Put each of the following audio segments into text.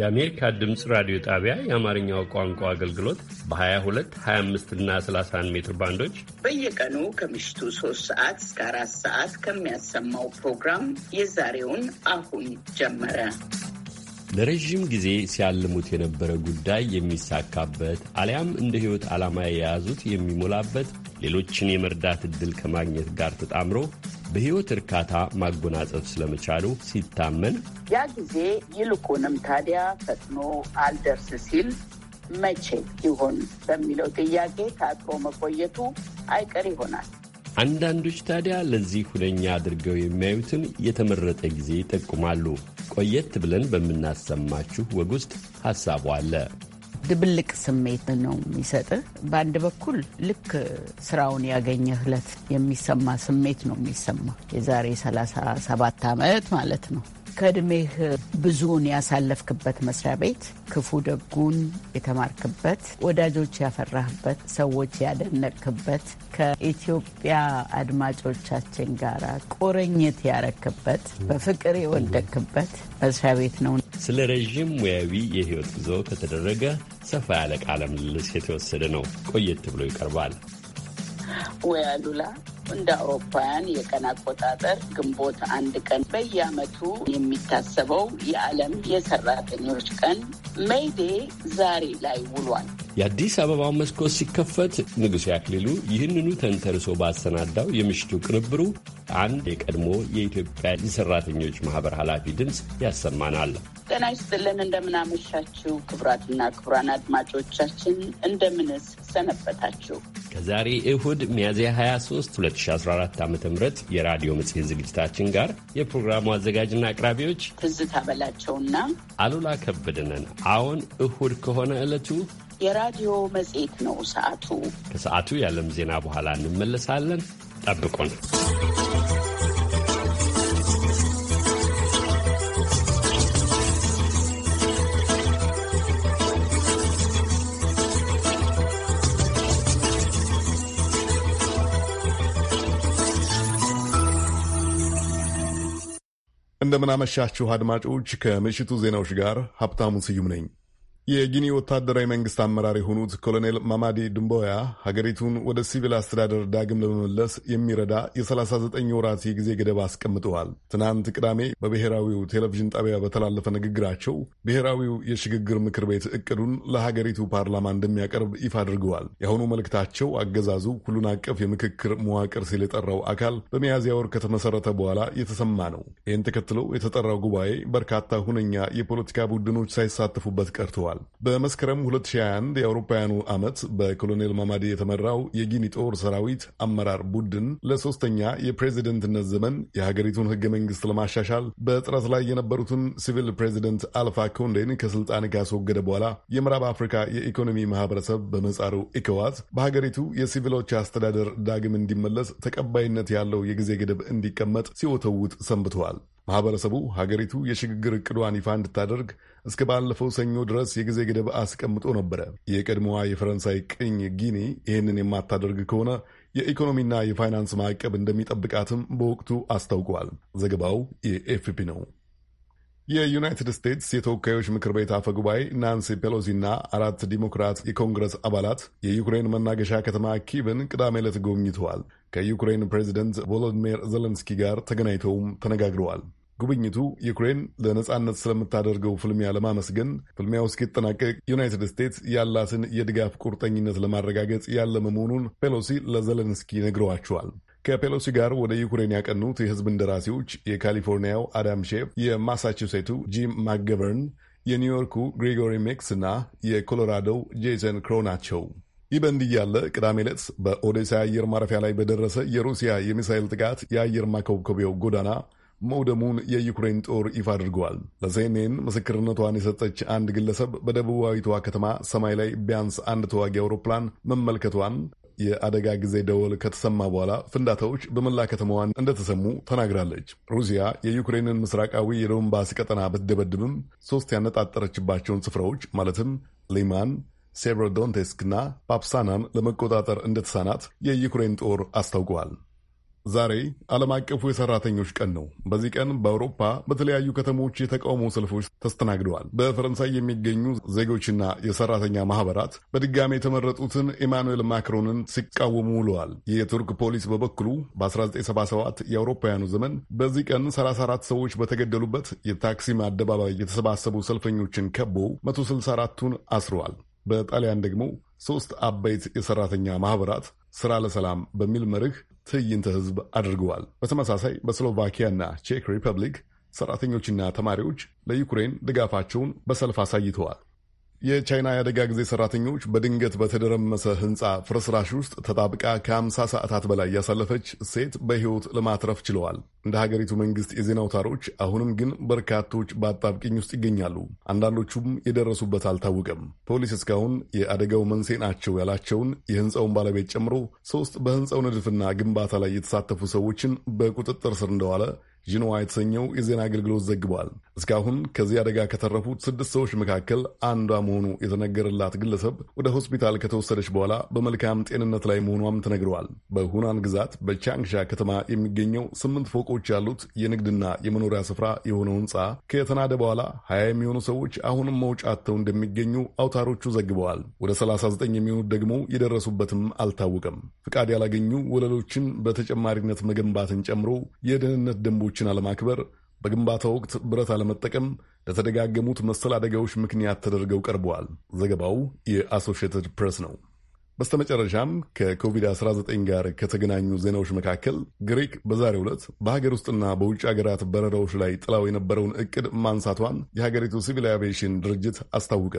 የአሜሪካ ድምፅ ራዲዮ ጣቢያ የአማርኛው ቋንቋ አገልግሎት በ22፣ 25 እና 31 ሜትር ባንዶች በየቀኑ ከምሽቱ 3 ሰዓት እስከ 4 ሰዓት ከሚያሰማው ፕሮግራም የዛሬውን አሁን ጀመረ። ለረዥም ጊዜ ሲያልሙት የነበረ ጉዳይ የሚሳካበት አሊያም እንደ ሕይወት ዓላማ የያዙት የሚሞላበት ሌሎችን የመርዳት ዕድል ከማግኘት ጋር ተጣምሮ በሕይወት እርካታ ማጎናጸፍ ስለመቻሉ ሲታመን ያ ጊዜ ይልቁንም ታዲያ ፈጥኖ አልደርስ ሲል መቼ ይሆን በሚለው ጥያቄ ታጥሮ መቆየቱ አይቀር ይሆናል። አንዳንዶች ታዲያ ለዚህ ሁነኛ አድርገው የሚያዩትን የተመረጠ ጊዜ ይጠቁማሉ። ቆየት ብለን በምናሰማችሁ ወግ ውስጥ ሐሳቡ አለ። ድብልቅ ስሜት ነው የሚሰጥህ። በአንድ በኩል ልክ ስራውን ያገኘህ እለት የሚሰማ ስሜት ነው የሚሰማ የዛሬ 37 ዓመት ማለት ነው ከእድሜህ ብዙውን ያሳለፍክበት መስሪያ ቤት ክፉ ደጉን የተማርክበት፣ ወዳጆች ያፈራህበት፣ ሰዎች ያደነቅክበት፣ ከኢትዮጵያ አድማጮቻችን ጋር ቁርኝት ያረክበት፣ በፍቅር የወደቅክበት መስሪያ ቤት ነው። ስለ ረዥም ሙያዊ የህይወት ጉዞ ከተደረገ ሰፋ ያለ ቃለ ምልልስ የተወሰደ ነው። ቆየት ብሎ ይቀርባል። ወይ አሉላ እንደ አውሮፓውያን የቀን አቆጣጠር ግንቦት አንድ ቀን በየዓመቱ የሚታሰበው የዓለም የሰራተኞች ቀን ሜይዴ ዛሬ ላይ ውሏል። የአዲስ አበባው መስኮት ሲከፈት ንጉሴ አክሊሉ ይህንኑ ተንተርሶ ባሰናዳው የምሽቱ ቅንብሩ አንድ የቀድሞ የኢትዮጵያ የሰራተኞች ማህበር ኃላፊ ድምፅ ያሰማናል። ጤና ይስጥልን፣ እንደምናመሻችው ክቡራትና ክቡራን አድማጮቻችን እንደምንስ ሰነበታችሁ? ከዛሬ እሁድ ሚያዝያ 23 2014 ዓ ም የራዲዮ መጽሔት ዝግጅታችን ጋር የፕሮግራሙ አዘጋጅና አቅራቢዎች ትዝታ በላቸውና አሉላ ከበደነን። አሁን እሁድ ከሆነ ዕለቱ የራዲዮ መጽሔት ነው። ሰዓቱ ከሰዓቱ የዓለም ዜና በኋላ እንመለሳለን። ጠብቁን። እንደምናመሻችሁ አድማጮች፣ ከምሽቱ ዜናዎች ጋር ሀብታሙ ስዩም ነኝ። የጊኒ ወታደራዊ መንግስት አመራር የሆኑት ኮሎኔል ማማዲ ድምቦያ ሀገሪቱን ወደ ሲቪል አስተዳደር ዳግም ለመመለስ የሚረዳ የ39 ወራት የጊዜ ገደብ አስቀምጠዋል። ትናንት ቅዳሜ በብሔራዊው ቴሌቪዥን ጣቢያ በተላለፈ ንግግራቸው ብሔራዊው የሽግግር ምክር ቤት እቅዱን ለሀገሪቱ ፓርላማ እንደሚያቀርብ ይፋ አድርገዋል። የአሁኑ መልእክታቸው አገዛዙ ሁሉን አቀፍ የምክክር መዋቅር ሲል የጠራው አካል በሚያዝያ ወር ከተመሰረተ በኋላ የተሰማ ነው። ይህን ተከትሎ የተጠራው ጉባኤ በርካታ ሁነኛ የፖለቲካ ቡድኖች ሳይሳተፉበት ቀርተዋል። ተናግረዋል። በመስከረም 2021 የአውሮፓውያኑ ዓመት በኮሎኔል ማማዲ የተመራው የጊኒ ጦር ሰራዊት አመራር ቡድን ለሶስተኛ የፕሬዚደንትነት ዘመን የሀገሪቱን ህገ መንግስት ለማሻሻል በጥረት ላይ የነበሩትን ሲቪል ፕሬዚደንት አልፋ ኮንዴን ከስልጣን ካስወገደ በኋላ የምዕራብ አፍሪካ የኢኮኖሚ ማህበረሰብ በመጻሩ ኢኮዋስ በሀገሪቱ የሲቪሎች አስተዳደር ዳግም እንዲመለስ ተቀባይነት ያለው የጊዜ ገደብ እንዲቀመጥ ሲወተውት ሰንብተዋል። ማህበረሰቡ ሀገሪቱ የሽግግር እቅዷን ይፋ እንድታደርግ እስከ ባለፈው ሰኞ ድረስ የጊዜ ገደብ አስቀምጦ ነበረ። የቀድሞዋ የፈረንሳይ ቅኝ ጊኒ ይህንን የማታደርግ ከሆነ የኢኮኖሚና የፋይናንስ ማዕቀብ እንደሚጠብቃትም በወቅቱ አስታውቀዋል። ዘገባው የኤፍፒ ነው። የዩናይትድ ስቴትስ የተወካዮች ምክር ቤት አፈ ጉባኤ ናንሲ ፔሎሲና አራት ዲሞክራት የኮንግረስ አባላት የዩክሬን መናገሻ ከተማ ኪቭን ቅዳሜ ዕለት ጎብኝተዋል። ከዩክሬን ፕሬዚደንት ቮሎዲሚር ዘለንስኪ ጋር ተገናኝተውም ተነጋግረዋል። ጉብኝቱ ዩክሬን ለነጻነት ስለምታደርገው ፍልሚያ ለማመስገን ፍልሚያው እስኪጠናቀቅ ዩናይትድ ስቴትስ ያላትን የድጋፍ ቁርጠኝነት ለማረጋገጥ ያለመ መሆኑን ፔሎሲ ለዘለንስኪ ነግረዋቸዋል። ከፔሎሲ ጋር ወደ ዩክሬን ያቀኑት የህዝብ እንደራሴዎች የካሊፎርኒያው አዳም ሼፍ፣ የማሳቹሴቱ ጂም ማክገቨርን፣ የኒውዮርኩ ግሪጎሪ ሜክስ እና የኮሎራዶው ጄሰን ክሮ ናቸው። ይህ በእንዲህ ያለ ቅዳሜ ዕለት በኦዴሳ የአየር ማረፊያ ላይ በደረሰ የሩሲያ የሚሳይል ጥቃት የአየር ማኮብኮቢያው ጎዳና መውደሙን የዩክሬን ጦር ይፋ አድርገዋል። ለሴኔን ምስክርነቷን የሰጠች አንድ ግለሰብ በደቡባዊቷ ከተማ ሰማይ ላይ ቢያንስ አንድ ተዋጊ አውሮፕላን መመልከቷን የአደጋ ጊዜ ደወል ከተሰማ በኋላ ፍንዳታዎች በመላ ከተማዋን እንደተሰሙ ተናግራለች። ሩሲያ የዩክሬንን ምስራቃዊ የዶንባስ ቀጠና ብትደበድብም ሶስት ያነጣጠረችባቸውን ስፍራዎች ማለትም ሊማን፣ ሴቨሮዶንቴስክ እና ፓፕሳናን ለመቆጣጠር እንደተሳናት የዩክሬን ጦር አስታውቀዋል። ዛሬ ዓለም አቀፉ የሰራተኞች ቀን ነው። በዚህ ቀን በአውሮፓ በተለያዩ ከተሞች የተቃውሞ ሰልፎች ተስተናግደዋል። በፈረንሳይ የሚገኙ ዜጎችና የሰራተኛ ማህበራት በድጋሚ የተመረጡትን ኢማኑኤል ማክሮንን ሲቃወሙ ውለዋል። የቱርክ ፖሊስ በበኩሉ በ1977 የአውሮፓውያኑ ዘመን በዚህ ቀን 34 ሰዎች በተገደሉበት የታክሲም አደባባይ የተሰባሰቡ ሰልፈኞችን ከቦ 164ቱን አስረዋል። በጣሊያን ደግሞ ሦስት አበይት የሰራተኛ ማህበራት ስራ ለሰላም በሚል መርህ ትዕይንተ ህዝብ አድርገዋል። በተመሳሳይ በስሎቫኪያና ቼክ ሪፐብሊክ ሰራተኞችና ተማሪዎች ለዩክሬን ድጋፋቸውን በሰልፍ አሳይተዋል። የቻይና የአደጋ ጊዜ ሰራተኞች በድንገት በተደረመሰ ህንፃ ፍርስራሽ ውስጥ ተጣብቃ ከ50 ሰዓታት በላይ ያሳለፈች ሴት በህይወት ለማትረፍ ችለዋል። እንደ ሀገሪቱ መንግስት የዜና አውታሮች አሁንም ግን በርካቶች በአጣብቅኝ ውስጥ ይገኛሉ። አንዳንዶቹም የደረሱበት አልታወቀም። ፖሊስ እስካሁን የአደጋው መንስኤ ናቸው ያላቸውን የህንፃውን ባለቤት ጨምሮ ሶስት በህንፃው ንድፍና ግንባታ ላይ የተሳተፉ ሰዎችን በቁጥጥር ስር እንደዋለ ዥንዋ የተሰኘው የዜና አገልግሎት ዘግቧል። እስካሁን ከዚህ አደጋ ከተረፉት ስድስት ሰዎች መካከል አንዷ መሆኑ የተነገረላት ግለሰብ ወደ ሆስፒታል ከተወሰደች በኋላ በመልካም ጤንነት ላይ መሆኗም ተነግረዋል። በሁናን ግዛት በቻንግሻ ከተማ የሚገኘው ስምንት ፎቆች ያሉት የንግድና የመኖሪያ ስፍራ የሆነው ሕንፃ ከተናደ በኋላ ሀያ የሚሆኑ ሰዎች አሁንም መውጫ አጥተው እንደሚገኙ አውታሮቹ ዘግበዋል። ወደ 39 የሚሆኑት ደግሞ የደረሱበትም አልታወቀም። ፍቃድ ያላገኙ ወለሎችን በተጨማሪነት መገንባትን ጨምሮ የደህንነት ደንቦች መብቶችን አለማክበር፣ በግንባታ ወቅት ብረት አለመጠቀም ለተደጋገሙት መሰል አደጋዎች ምክንያት ተደርገው ቀርበዋል። ዘገባው የአሶሺየትድ ፕሬስ ነው። በስተመጨረሻም ከኮቪድ-19 ጋር ከተገናኙ ዜናዎች መካከል ግሪክ በዛሬው ዕለት በሀገር ውስጥና በውጭ ሀገራት በረራዎች ላይ ጥላው የነበረውን ዕቅድ ማንሳቷን የሀገሪቱ ሲቪል አቪዬሽን ድርጅት አስታወቀ።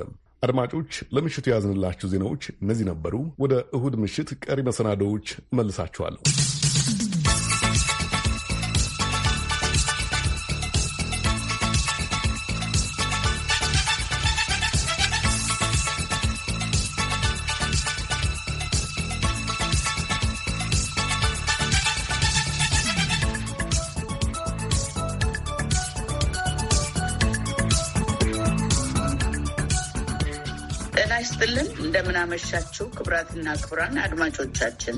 አድማጮች፣ ለምሽቱ የያዝንላችሁ ዜናዎች እነዚህ ነበሩ። ወደ እሁድ ምሽት ቀሪ መሰናዶዎች እመልሳችኋለሁ። ይስጥልን። እንደምናመሻችው ክቡራትና ክቡራን አድማጮቻችን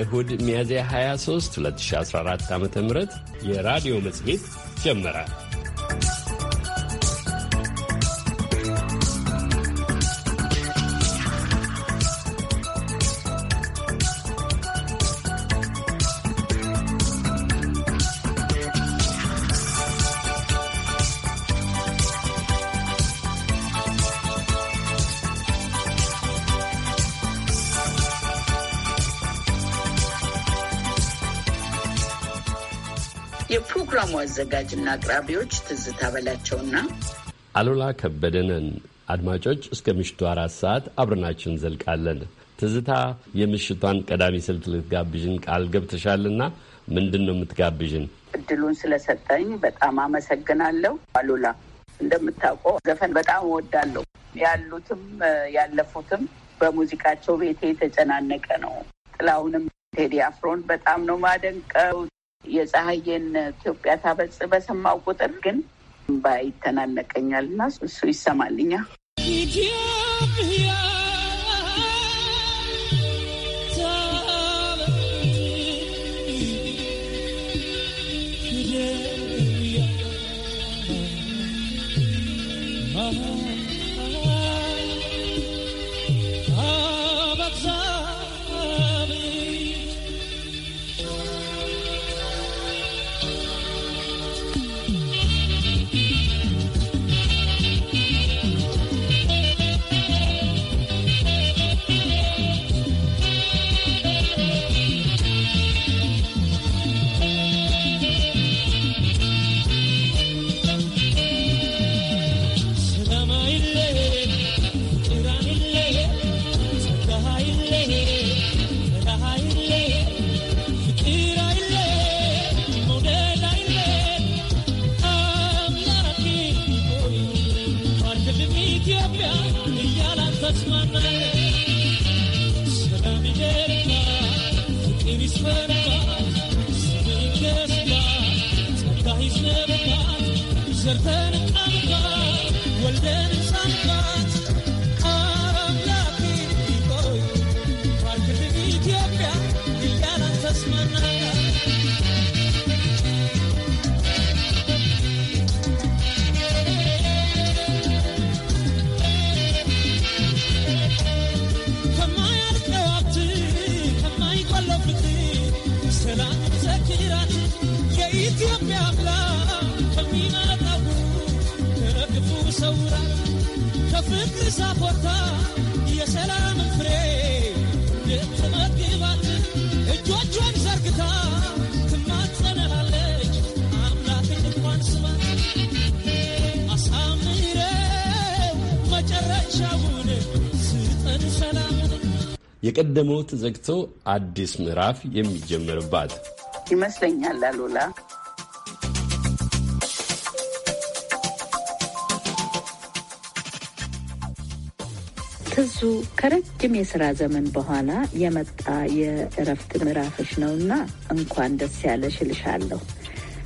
እሁድ ሚያዝያ 23 2014 ዓ ም የራዲዮ መጽሔት ጀመራል። አዘጋጅና አቅራቢዎች ትዝታ በላቸውና አሉላ ከበደንን። አድማጮች እስከ ምሽቱ አራት ሰዓት አብረናችን እንዘልቃለን። ትዝታ የምሽቷን ቀዳሚ ስልት ልትጋብዥን ቃል ገብተሻልና ምንድን ነው የምትጋብዥን? እድሉን ስለሰጠኝ በጣም አመሰግናለሁ አሉላ። እንደምታውቀው ዘፈን በጣም እወዳለሁ። ያሉትም ያለፉትም በሙዚቃቸው ቤቴ የተጨናነቀ ነው። ጥላሁንም ቴዲ አፍሮን በጣም ነው ማደንቀው። የፀሐይን ኢትዮጵያ ታበጽ በሰማው ቁጥር ግን እምባ ይተናነቀኛል እና እሱ ይሰማልኛ ኢትዮጵያ የቀደመው ተዘግቶ አዲስ ምዕራፍ የሚጀምርባት ይመስለኛል። አሉላ ትዙ ከረጅም የስራ ዘመን በኋላ የመጣ የእረፍት ምዕራፍሽ ነውና እንኳን ደስ ያለሽ እልሻለሁ።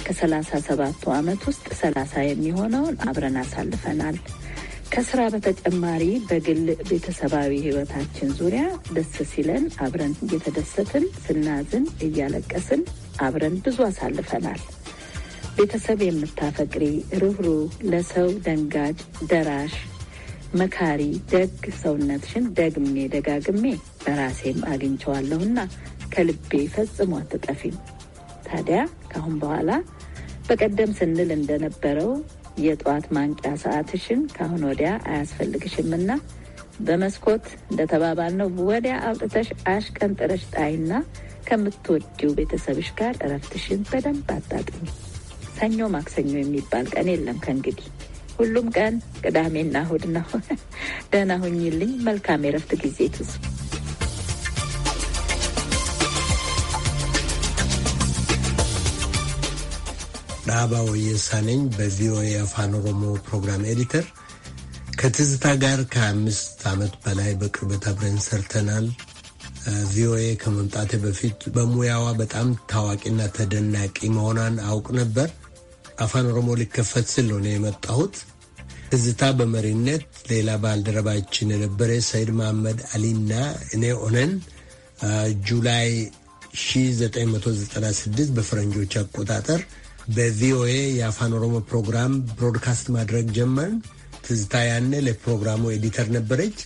ከሰላሳ ሰባቱ ዓመት ውስጥ ሰላሳ የሚሆነውን አብረን አሳልፈናል። ከስራ በተጨማሪ በግል ቤተሰባዊ ህይወታችን ዙሪያ ደስ ሲለን አብረን እየተደሰትን፣ ስናዝን እያለቀስን አብረን ብዙ አሳልፈናል። ቤተሰብ የምታፈቅሪ ርኅሩህ፣ ለሰው ደንጋጭ፣ ደራሽ፣ መካሪ፣ ደግ ሰውነትሽን ደግሜ ደጋግሜ በራሴም አግኝቸዋለሁና ከልቤ ፈጽሞ አትጠፊም። ታዲያ ከአሁን በኋላ በቀደም ስንል እንደነበረው የጠዋት ማንቂያ ሰዓትሽን ከአሁን ወዲያ አያስፈልግሽምና በመስኮት እንደተባባልነው ወዲያ አውጥተሽ አሽቀንጥረሽ ጣይና ከምትወጂው ቤተሰብሽ ጋር እረፍትሽን በደንብ አጣጥሚ። ሰኞ ማክሰኞ የሚባል ቀን የለም ከእንግዲህ ሁሉም ቀን ቅዳሜና እሁድ ነው። ደህና ሁኝልኝ። መልካም የረፍት ጊዜ ትዙ ዳባ ወየሳ ነኝ። በቪኦኤ አፋን ኦሮሞ ፕሮግራም ኤዲተር። ከትዝታ ጋር ከአምስት ዓመት በላይ በቅርበት አብረን ሰርተናል። ቪኦኤ ከመምጣቴ በፊት በሙያዋ በጣም ታዋቂና ተደናቂ መሆኗን አውቅ ነበር። አፋን ኦሮሞ ሊከፈት ስል የመጣሁት። ትዝታ በመሪነት ሌላ ባልደረባችን የነበረ ሰይድ መሐመድ አሊና እኔ ኦነን ጁላይ 1996 በፈረንጆች አቆጣጠር በቪኦኤ የአፋን ኦሮሞ ፕሮግራም ብሮድካስት ማድረግ ጀመርን። ትዝታ ያነ ለፕሮግራሙ ኤዲተር ነበረች።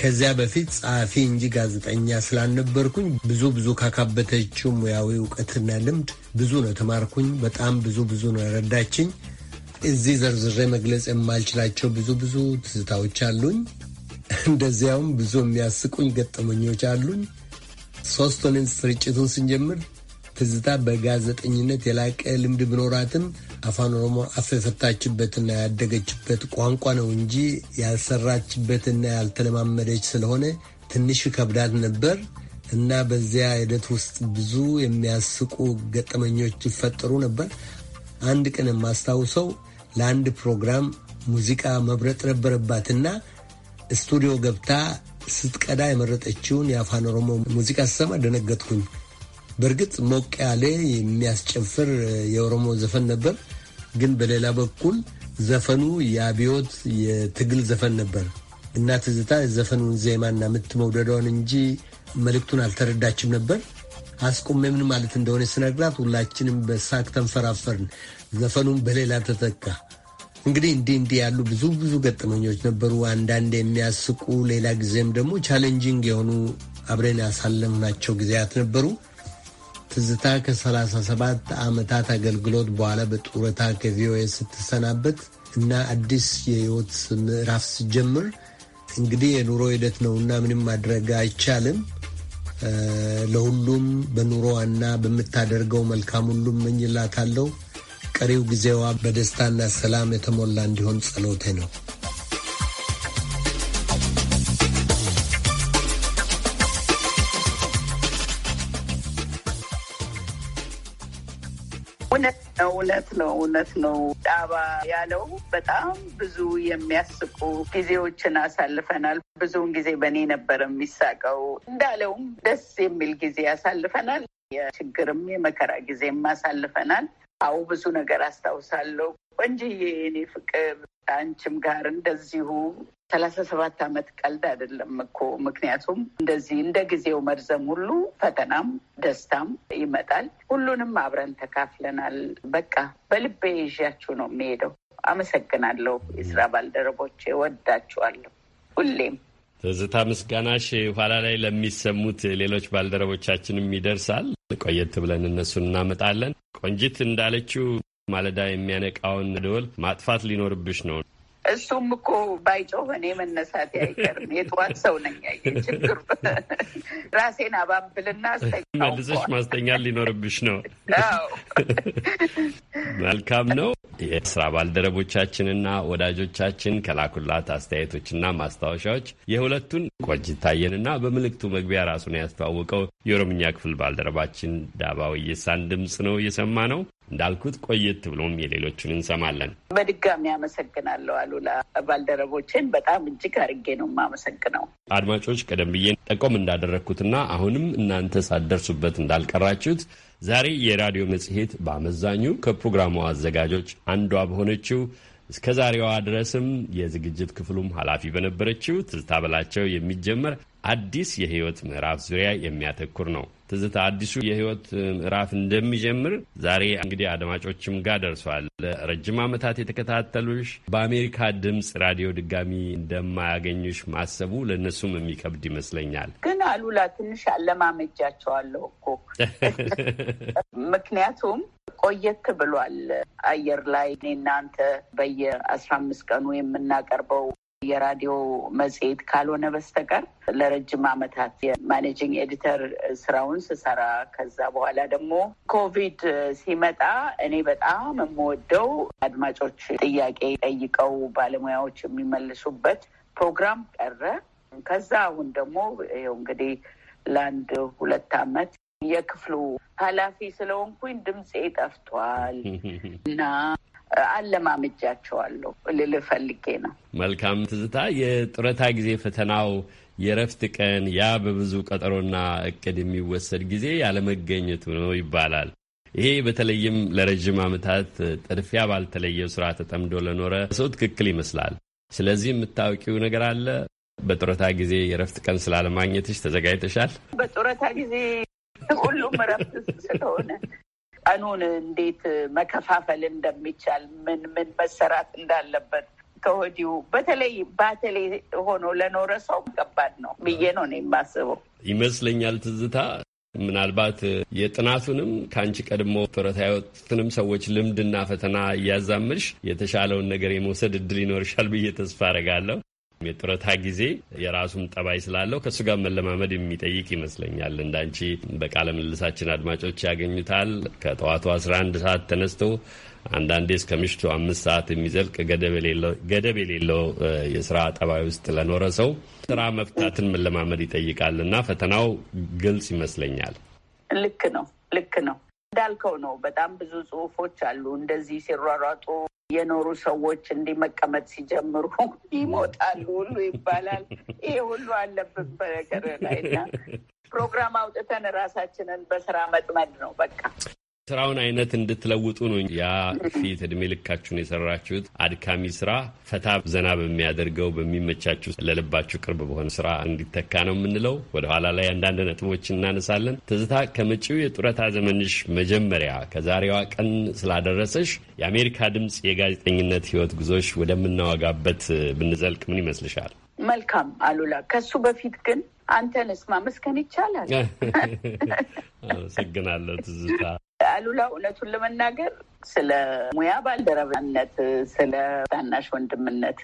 ከዚያ በፊት ጸሐፊ እንጂ ጋዜጠኛ ስላልነበርኩኝ ብዙ ብዙ ካካበተችው ሙያዊ እውቀትና ልምድ ብዙ ነው ተማርኩኝ። በጣም ብዙ ብዙ ነው ያረዳችኝ። እዚህ ዘርዝሬ መግለጽ የማልችላቸው ብዙ ብዙ ትዝታዎች አሉኝ። እንደዚያውም ብዙ የሚያስቁኝ ገጠመኞች አሉኝ። ሶስቱን ስርጭቱን ስንጀምር ትዝታ በጋዜጠኝነት የላቀ ልምድ ቢኖራትም አፋን ኦሮሞ አፍ የፈታችበትና ያደገችበት ቋንቋ ነው እንጂ ያልሰራችበትና ያልተለማመደች ስለሆነ ትንሽ ከብዳት ነበር እና በዚያ ሂደት ውስጥ ብዙ የሚያስቁ ገጠመኞች ይፈጠሩ ነበር። አንድ ቀን የማስታውሰው ለአንድ ፕሮግራም ሙዚቃ መብረጥ ነበረባትና ስቱዲዮ ገብታ ስትቀዳ የመረጠችውን የአፋን ኦሮሞ ሙዚቃ ስሰማ ደነገጥኩኝ። በእርግጥ ሞቅ ያለ የሚያስጨፍር የኦሮሞ ዘፈን ነበር፣ ግን በሌላ በኩል ዘፈኑ የአብዮት የትግል ዘፈን ነበር እና ትዝታ ዘፈኑን ዜማና ምት መውደዷን እንጂ መልእክቱን አልተረዳችም ነበር። አስቆሜ ምን ማለት እንደሆነ ስነግራት ሁላችንም በሳቅ ተንፈራፈርን። ዘፈኑን በሌላ ተተካ። እንግዲህ እንዲህ እንዲህ ያሉ ብዙ ብዙ ገጠመኞች ነበሩ። አንዳንድ የሚያስቁ፣ ሌላ ጊዜም ደግሞ ቻሌንጂንግ የሆኑ አብረን ያሳለፍናቸው ጊዜያት ነበሩ። ትዝታ ከ37 ዓመታት አገልግሎት በኋላ በጡረታ ከቪኦኤ ስትሰናበት እና አዲስ የህይወት ምዕራፍ ስጀምር እንግዲህ የኑሮ ሂደት እና ምንም ማድረግ አይቻልም። ለሁሉም በኑሮዋና በምታደርገው መልካም ሁሉም እመኝላታለሁ። ቀሪው ጊዜዋ በደስታና ሰላም የተሞላ እንዲሆን ጸሎቴ ነው። እውነት ነው እውነት ነው ዳባ ያለው በጣም ብዙ የሚያስቁ ጊዜዎችን አሳልፈናል። ብዙውን ጊዜ በእኔ ነበር የሚሳቀው። እንዳለውም ደስ የሚል ጊዜ አሳልፈናል። የችግርም የመከራ ጊዜም አሳልፈናል። አዎ ብዙ ነገር አስታውሳለሁ። ቆንጅዬ የኔ ፍቅር አንቺም ጋር እንደዚሁ ሰላሳ ሰባት አመት ቀልድ አይደለም እኮ ምክንያቱም እንደዚህ እንደ ጊዜው መርዘም ሁሉ ፈተናም ደስታም ይመጣል። ሁሉንም አብረን ተካፍለናል። በቃ በልቤ ይዣችሁ ነው የሚሄደው። አመሰግናለሁ። የስራ ባልደረቦቼ ወዳችኋለሁ ሁሌም። ትዝታ ምስጋናሽ ኋላ ላይ ለሚሰሙት ሌሎች ባልደረቦቻችንም ይደርሳል። ቆየት ብለን እነሱን እናመጣለን። ቆንጂት እንዳለችው ማለዳ የሚያነቃውን ደወል ማጥፋት ሊኖርብሽ ነው። እሱም እኮ ባይጮህ እኔ መነሳት አይቀርም። የጠዋት ሰው ነኝ። ችግር ራሴን አባብልና መልሰሽ ማስተኛል ሊኖርብሽ ነው። መልካም ነው። የስራ ባልደረቦቻችንና ወዳጆቻችን ከላኩላት አስተያየቶችና ማስታወሻዎች የሁለቱን ቆጅታየንና በምልክቱ መግቢያ ራሱን ያስተዋወቀው የኦሮምኛ ክፍል ባልደረባችን ዳባ ወየሳን ድምፅ ነው እየሰማ ነው። እንዳልኩት ቆየት ብሎም የሌሎቹን እንሰማለን። በድጋሚ አመሰግናለሁ አሉላ። ባልደረቦችን በጣም እጅግ አድርጌ ነው የማመሰግነው። አድማጮች፣ ቀደም ብዬ ጠቆም እንዳደረግኩትና አሁንም እናንተ ሳትደርሱበት እንዳልቀራችሁት ዛሬ የራዲዮ መጽሔት በአመዛኙ ከፕሮግራሙ አዘጋጆች አንዷ በሆነችው እስከ ዛሬዋ ድረስም የዝግጅት ክፍሉም ኃላፊ በነበረችው ትዝታ በላቸው የሚጀመር አዲስ የህይወት ምዕራፍ ዙሪያ የሚያተኩር ነው። ትዝታ አዲሱ የህይወት ምዕራፍ እንደሚጀምር ዛሬ እንግዲህ አድማጮችም ጋር ደርሷል። ረጅም ዓመታት የተከታተሉሽ በአሜሪካ ድምፅ ራዲዮ ድጋሚ እንደማያገኙሽ ማሰቡ ለእነሱም የሚከብድ ይመስለኛል። ግን አሉላ ትንሽ አለማመጃቸዋለሁ እኮ ምክንያቱም ቆየት ብሏል አየር ላይ እኔ እናንተ በየአስራ አምስት ቀኑ የምናቀርበው የራዲዮ መጽሔት ካልሆነ በስተቀር ለረጅም ዓመታት የማኔጂንግ ኤዲተር ስራውን ስሰራ ከዛ በኋላ ደግሞ ኮቪድ ሲመጣ እኔ በጣም የምወደው አድማጮች ጥያቄ ጠይቀው ባለሙያዎች የሚመልሱበት ፕሮግራም ቀረ። ከዛ አሁን ደግሞ ይኸው እንግዲህ ለአንድ ሁለት ዓመት የክፍሉ ኃላፊ ስለሆንኩኝ ድምፄ ጠፍቷል እና አለማመጃቸዋለሁ ልል ፈልጌ ነው። መልካም ትዝታ። የጡረታ ጊዜ ፈተናው የእረፍት ቀን ያ በብዙ ቀጠሮና እቅድ የሚወሰድ ጊዜ ያለመገኘቱ ነው ይባላል። ይሄ በተለይም ለረዥም ዓመታት ጥድፊያ ባልተለየው ስራ ተጠምዶ ለኖረ ሰው ትክክል ይመስላል። ስለዚህ የምታውቂው ነገር አለ? በጡረታ ጊዜ የእረፍት ቀን ስላለማግኘትሽ ተዘጋጅተሻል? በጡረታ ጊዜ ሁሉም እረፍት ስለሆነ ቀኑን እንዴት መከፋፈል እንደሚቻል ምን ምን መሰራት እንዳለበት ከወዲሁ በተለይ ባተሌ ሆኖ ለኖረ ሰው ከባድ ነው ብዬ ነው ነው የማስበው ይመስለኛል። ትዝታ ምናልባት የጥናቱንም ከአንቺ ቀድሞ ጡረታ የወጡትንም ሰዎች ልምድና ፈተና እያዛምሽ የተሻለውን ነገር የመውሰድ እድል ይኖርሻል ብዬ ተስፋ አረጋለሁ። የጡረታ ጊዜ የራሱን ጠባይ ስላለው ከእሱ ጋር መለማመድ የሚጠይቅ ይመስለኛል። እንዳንቺ በቃለ ምልልሳችን አድማጮች ያገኙታል። ከጠዋቱ 11 ሰዓት ተነስቶ አንዳንዴ እስከ ምሽቱ አምስት ሰዓት የሚዘልቅ ገደብ የሌለው የስራ ጠባይ ውስጥ ለኖረ ሰው ስራ መፍታትን መለማመድ ይጠይቃል እና ፈተናው ግልጽ ይመስለኛል። ልክ ነው፣ ልክ ነው። እንዳልከው ነው። በጣም ብዙ ጽሁፎች አሉ። እንደዚህ ሲሯሯጡ የኖሩ ሰዎች እንዲህ መቀመጥ ሲጀምሩ ይሞታሉ ሁሉ ይባላል። ይሄ ሁሉ አለብን በነገር ላይ እና ፕሮግራም አውጥተን ራሳችንን በስራ መጥመድ ነው በቃ። ስራውን አይነት እንድትለውጡ ነው። ያ ፊት እድሜ ልካችሁን የሰራችሁት አድካሚ ስራ ፈታ ዘና በሚያደርገው በሚመቻችሁ ለልባችሁ ቅርብ በሆነ ስራ እንዲተካ ነው የምንለው። ወደኋላ ላይ አንዳንድ ነጥቦች እናነሳለን። ትዝታ ከመጪው የጡረታ ዘመንሽ መጀመሪያ ከዛሬዋ ቀን ስላደረሰሽ የአሜሪካ ድምፅ የጋዜጠኝነት ህይወት ጉዞሽ ወደምናወጋበት ብንዘልቅ ምን ይመስልሻል? መልካም አሉላ። ከሱ በፊት ግን እስማ መስከን ይቻላል። አመሰግናለሁ ትዝታ። አሉላ እውነቱን ለመናገር ስለ ሙያ ባልደረብነት፣ ስለ ታናሽ ወንድምነት፣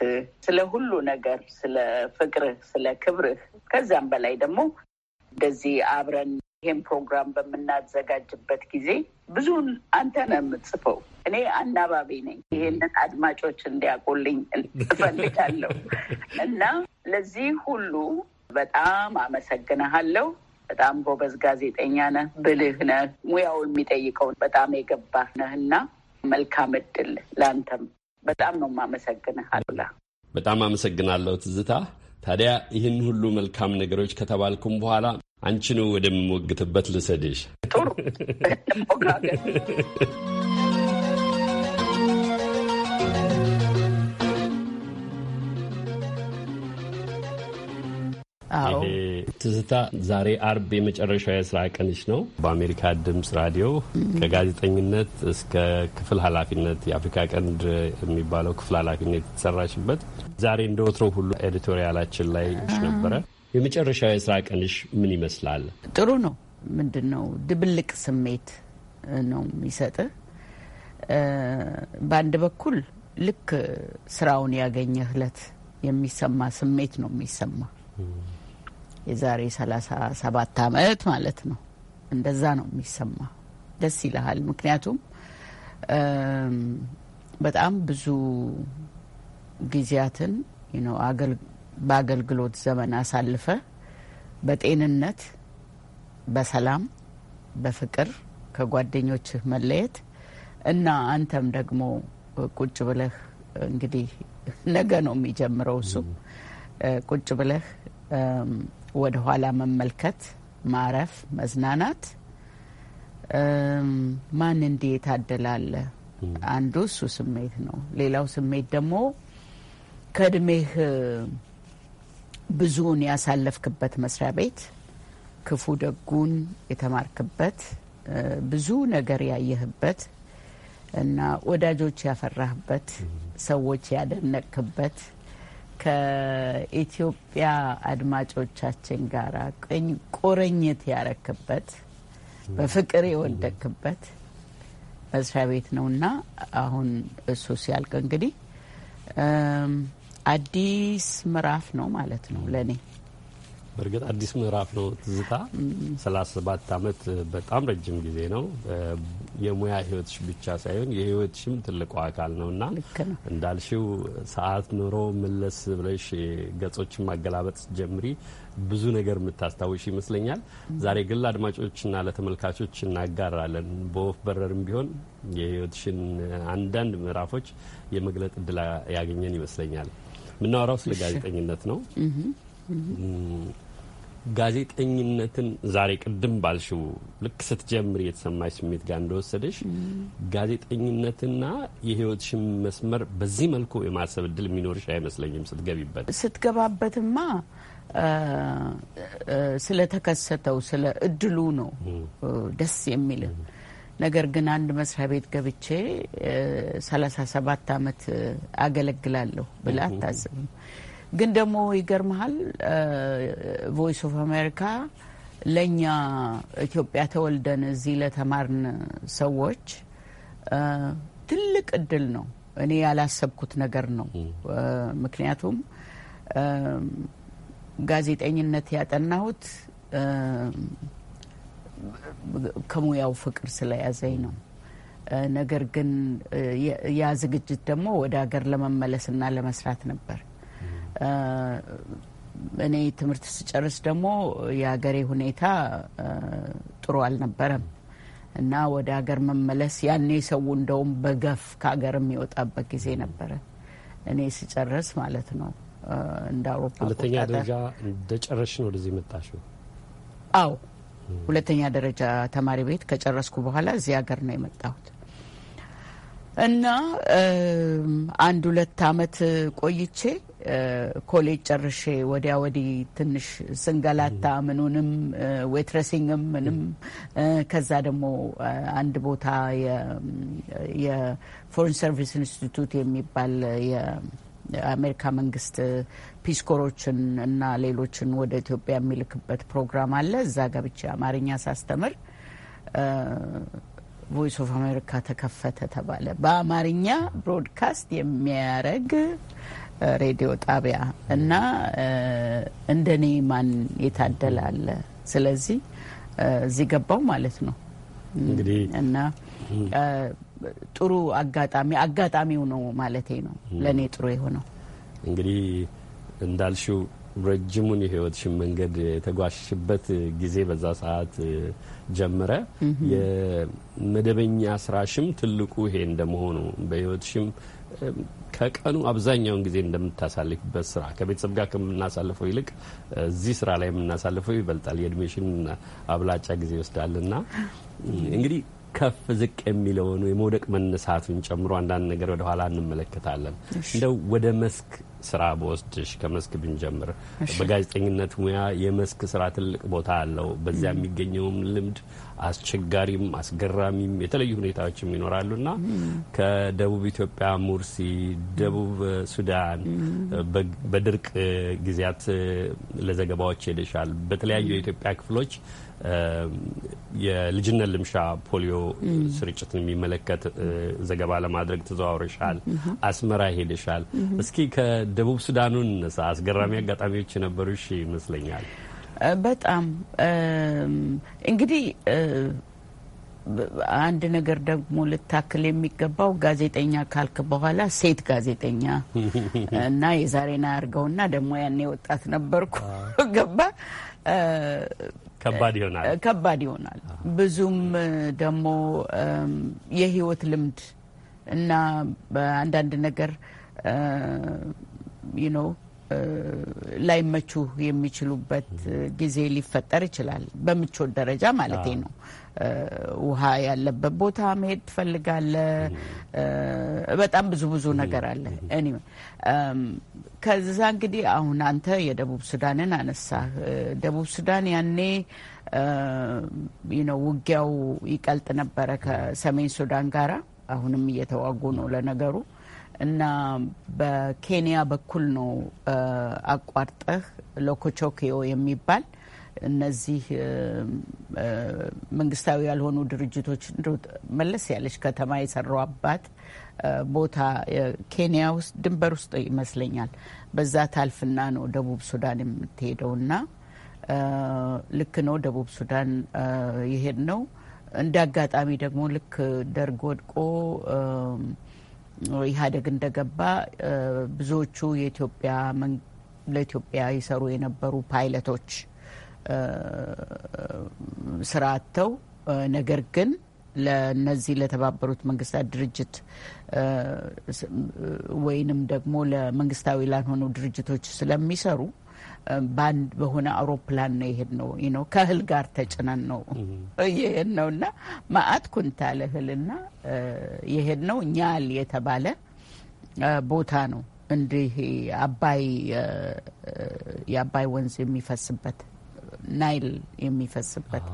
ስለ ሁሉ ነገር፣ ስለ ፍቅርህ፣ ስለ ክብርህ ከዛም በላይ ደግሞ እንደዚህ አብረን ይህም ፕሮግራም በምናዘጋጅበት ጊዜ ብዙን አንተ ነው የምትጽፈው። እኔ አናባቢ ነኝ። ይሄንን አድማጮች እንዲያውቁልኝ እፈልጋለሁ እና ለዚህ ሁሉ በጣም አመሰግንሃለሁ። በጣም ጎበዝ ጋዜጠኛ ነህ፣ ብልህ ነህ፣ ሙያው የሚጠይቀውን በጣም የገባህ ነህ እና መልካም እድል ለአንተም። በጣም ነው የማመሰግንህ አሉላ። በጣም አመሰግናለሁ ትዝታ። ታዲያ ይህን ሁሉ መልካም ነገሮች ከተባልኩም በኋላ ነው ወደምሞግትበት ልሰድሽ። ጥሩ ትዝታ ዛሬ አርብ የመጨረሻ የስራ ቀንች ነው። በአሜሪካ ድምፅ ራዲዮ ከጋዜጠኝነት እስከ ክፍል ኃላፊነት የአፍሪካ ቀንድ የሚባለው ክፍል ኃላፊነት የተሰራሽበት ዛሬ እንደ ወትሮ ሁሉ ኤዲቶሪያላችን ላይ ነበረ። የመጨረሻ የስራ ቀንሽ ምን ይመስላል? ጥሩ ነው። ምንድን ነው ድብልቅ ስሜት ነው የሚሰጥ። በአንድ በኩል ልክ ስራውን ያገኘህ እለት የሚሰማ ስሜት ነው የሚሰማ የዛሬ ሰላሳ ሰባት አመት ማለት ነው። እንደዛ ነው የሚሰማ። ደስ ይልሃል። ምክንያቱም በጣም ብዙ ጊዜያትን በአገልግሎት ዘመን አሳልፈ በጤንነት፣ በሰላም፣ በፍቅር ከጓደኞችህ መለየት እና አንተም ደግሞ ቁጭ ብለህ እንግዲህ ነገ ነው የሚጀምረው እሱ ቁጭ ብለህ ወደ ኋላ መመልከት፣ ማረፍ፣ መዝናናት ማን እንዲህ የታደላለ አንዱ እሱ ስሜት ነው። ሌላው ስሜት ደግሞ ከእድሜህ ብዙውን ያሳለፍክበት መስሪያ ቤት ክፉ ደጉን የተማርክበት ብዙ ነገር ያየህበት እና ወዳጆች ያፈራህበት ሰዎች ያደነቅክበት ከኢትዮጵያ አድማጮቻችን ጋር ቅኝ ቆረኝት ያረክበት በፍቅር የወደክበት መስሪያ ቤት ነውና አሁን እሱ ሲያልቅ እንግዲህ አዲስ ምዕራፍ ነው ማለት ነው ለእኔ በእርግጥ አዲስ ምዕራፍ ነው ትዝታ። ሰላሳ ሰባት ዓመት በጣም ረጅም ጊዜ ነው። የሙያ ህይወትሽ ብቻ ሳይሆን የህይወትሽም ትልቁ አካል ነው እና እንዳልሽው ሰዓት ኑሮ መለስ ብለሽ ገጾችን ማገላበጥ ጀምሪ ብዙ ነገር የምታስታውሽ ይመስለኛል። ዛሬ ግን ለአድማጮችና ለተመልካቾች እናጋራለን። በወፍ በረርም ቢሆን የህይወትሽን አንዳንድ ምዕራፎች የመግለጥ እድል ያገኘን ይመስለኛል። የምናወራው ስለ ጋዜጠኝነት ነው። ጋዜጠኝነትን ዛሬ ቅድም ባልሽው ልክ ስትጀምር የተሰማሽ ስሜት ጋር እንደወሰደሽ ጋዜጠኝነትና የህይወትሽን መስመር በዚህ መልኩ የማሰብ እድል የሚኖርሽ አይመስለኝም። ስትገቢበት ስትገባበትማ ስለተከሰተው ስለ እድሉ ነው ደስ የሚል ነገር ግን አንድ መስሪያ ቤት ገብቼ ሰላሳ ሰባት አመት አገለግላለሁ ብላ አታስብም። ግን ደግሞ ይገርመሃል ቮይስ ኦፍ አሜሪካ ለእኛ ኢትዮጵያ ተወልደን እዚህ ለተማርን ሰዎች ትልቅ እድል ነው። እኔ ያላሰብኩት ነገር ነው። ምክንያቱም ጋዜጠኝነት ያጠናሁት ከሙያው ፍቅር ስለያዘኝ ነው። ነገር ግን ያ ዝግጅት ደግሞ ወደ ሀገር ለመመለስና ለመስራት ነበር። እኔ ትምህርት ስጨርስ ደግሞ የሀገሬ ሁኔታ ጥሩ አልነበረም እና ወደ ሀገር መመለስ ያኔ ሰው እንደውም በገፍ ከሀገር የሚወጣበት ጊዜ ነበረ። እኔ ስጨርስ ማለት ነው እንደ አውሮፓ ሁለተኛ ደረጃ እንደጨረሽ ነው ወደዚህ የመጣሽው? አዎ ሁለተኛ ደረጃ ተማሪ ቤት ከጨረስኩ በኋላ እዚህ ሀገር ነው የመጣሁት እና አንድ ሁለት አመት ቆይቼ ኮሌጅ ጨርሼ ወዲያ ወዲህ ትንሽ ስንገላታ ምኑንም ዌትረሲንግም ምንም ከዛ ደግሞ አንድ ቦታ የፎሬን ሰርቪስ ኢንስቲቱት የሚባል የአሜሪካ መንግስት ፒስኮሮችን እና ሌሎችን ወደ ኢትዮጵያ የሚልክበት ፕሮግራም አለ። እዛ ገብቼ አማርኛ ሳስተምር ቮይስ ኦፍ አሜሪካ ተከፈተ ተባለ። በአማርኛ ብሮድካስት የሚያረግ ሬዲዮ ጣቢያ እና እንደኔ ማን የታደለ አለ? ስለዚህ እዚህ ገባው ማለት ነው እና ጥሩ አጋጣሚ አጋጣሚው ነው ማለት ነው ለእኔ ጥሩ የሆነው እንግዲህ እንዳልሽው ረጅሙን የሕይወትሽን መንገድ የተጓሽበት ጊዜ በዛ ሰዓት ጀመረ። የመደበኛ ስራሽም ትልቁ ይሄ እንደመሆኑ ሽም ከቀኑ አብዛኛውን ጊዜ እንደምታሳልፍበት ስራ ከቤተሰብ ጋር ከምናሳልፈው ይልቅ እዚህ ስራ ላይ የምናሳልፈው ይበልጣል። የእድሜሽን አብላጫ ጊዜ ይወስዳልና እንግዲህ ከፍ ዝቅ የሚለውን የመውደቅ መነሳቱን ጨምሮ አንዳንድ ነገር ወደኋላ እንመለከታለን። እንደው ወደ መስክ ስራ በወስድሽ ከመስክ ብንጀምር በጋዜጠኝነት ሙያ የመስክ ስራ ትልቅ ቦታ አለው። በዚያ የሚገኘውም ልምድ አስቸጋሪም አስገራሚም የተለዩ ሁኔታዎችም ይኖራሉና ከደቡብ ኢትዮጵያ ሙርሲ፣ ደቡብ ሱዳን በድርቅ ጊዜያት ለዘገባዎች ሄደሻል። በተለያዩ የኢትዮጵያ ክፍሎች የልጅነት ልምሻ ፖሊዮ ስርጭትን የሚመለከት ዘገባ ለማድረግ ተዘዋውረሻል። አስመራ ሄደሻል። እስኪ ከደቡብ ሱዳኑ እነሳ። አስገራሚ አጋጣሚዎች የነበሩሽ ይመስለኛል። በጣም እንግዲህ አንድ ነገር ደግሞ ልታክል የሚገባው ጋዜጠኛ ካልክ በኋላ ሴት ጋዜጠኛ እና የዛሬና ያርገውና ደግሞ ያኔ ወጣት ነበርኩ ገባ ከባድ ይሆናል ከባድ ይሆናል። ብዙም ደግሞ የህይወት ልምድ እና በአንዳንድ ነገር ነው ላይመቹ የሚችሉበት ጊዜ ሊፈጠር ይችላል። በምቾት ደረጃ ማለቴ ነው። ውሃ ያለበት ቦታ መሄድ ትፈልጋለ። በጣም ብዙ ብዙ ነገር አለ። እኔ ከዛ እንግዲህ አሁን አንተ የደቡብ ሱዳንን አነሳ ደቡብ ሱዳን ያኔ ነው ውጊያው ይቀልጥ ነበረ ከሰሜን ሱዳን ጋራ። አሁንም እየተዋጉ ነው ለነገሩ እና በኬንያ በኩል ነው አቋርጠህ ሎኮቾኪዮ የሚባል እነዚህ መንግስታዊ ያልሆኑ ድርጅቶች መለስ ያለች ከተማ የሰራባት ቦታ ኬንያ ውስጥ ድንበር ውስጥ ይመስለኛል። በዛ ታልፍና ነው ደቡብ ሱዳን የምትሄደው እና ልክ ነው ደቡብ ሱዳን የሄድ ነው። እንደ አጋጣሚ ደግሞ ልክ ደርግ ወድቆ ኢህአዴግ እንደገባ ብዙዎቹ የኢትዮጵያ ለኢትዮጵያ ይሰሩ የነበሩ ፓይለቶች ስራ አጥተው ነገር ግን ለነዚህ ለተባበሩት መንግስታት ድርጅት ወይንም ደግሞ ለመንግስታዊ ላልሆኑ ድርጅቶች ስለሚሰሩ በአንድ በሆነ አውሮፕላን ነው ይሄድ ነው ነው ከእህል ጋር ተጭነን ነው ይሄድ ነው እና ማአት ኩንታል ና ይሄድ ነው ኛል የተባለ ቦታ ነው እንዲህ አባይ የአባይ ወንዝ የሚፈስበት ናይል የሚፈስበት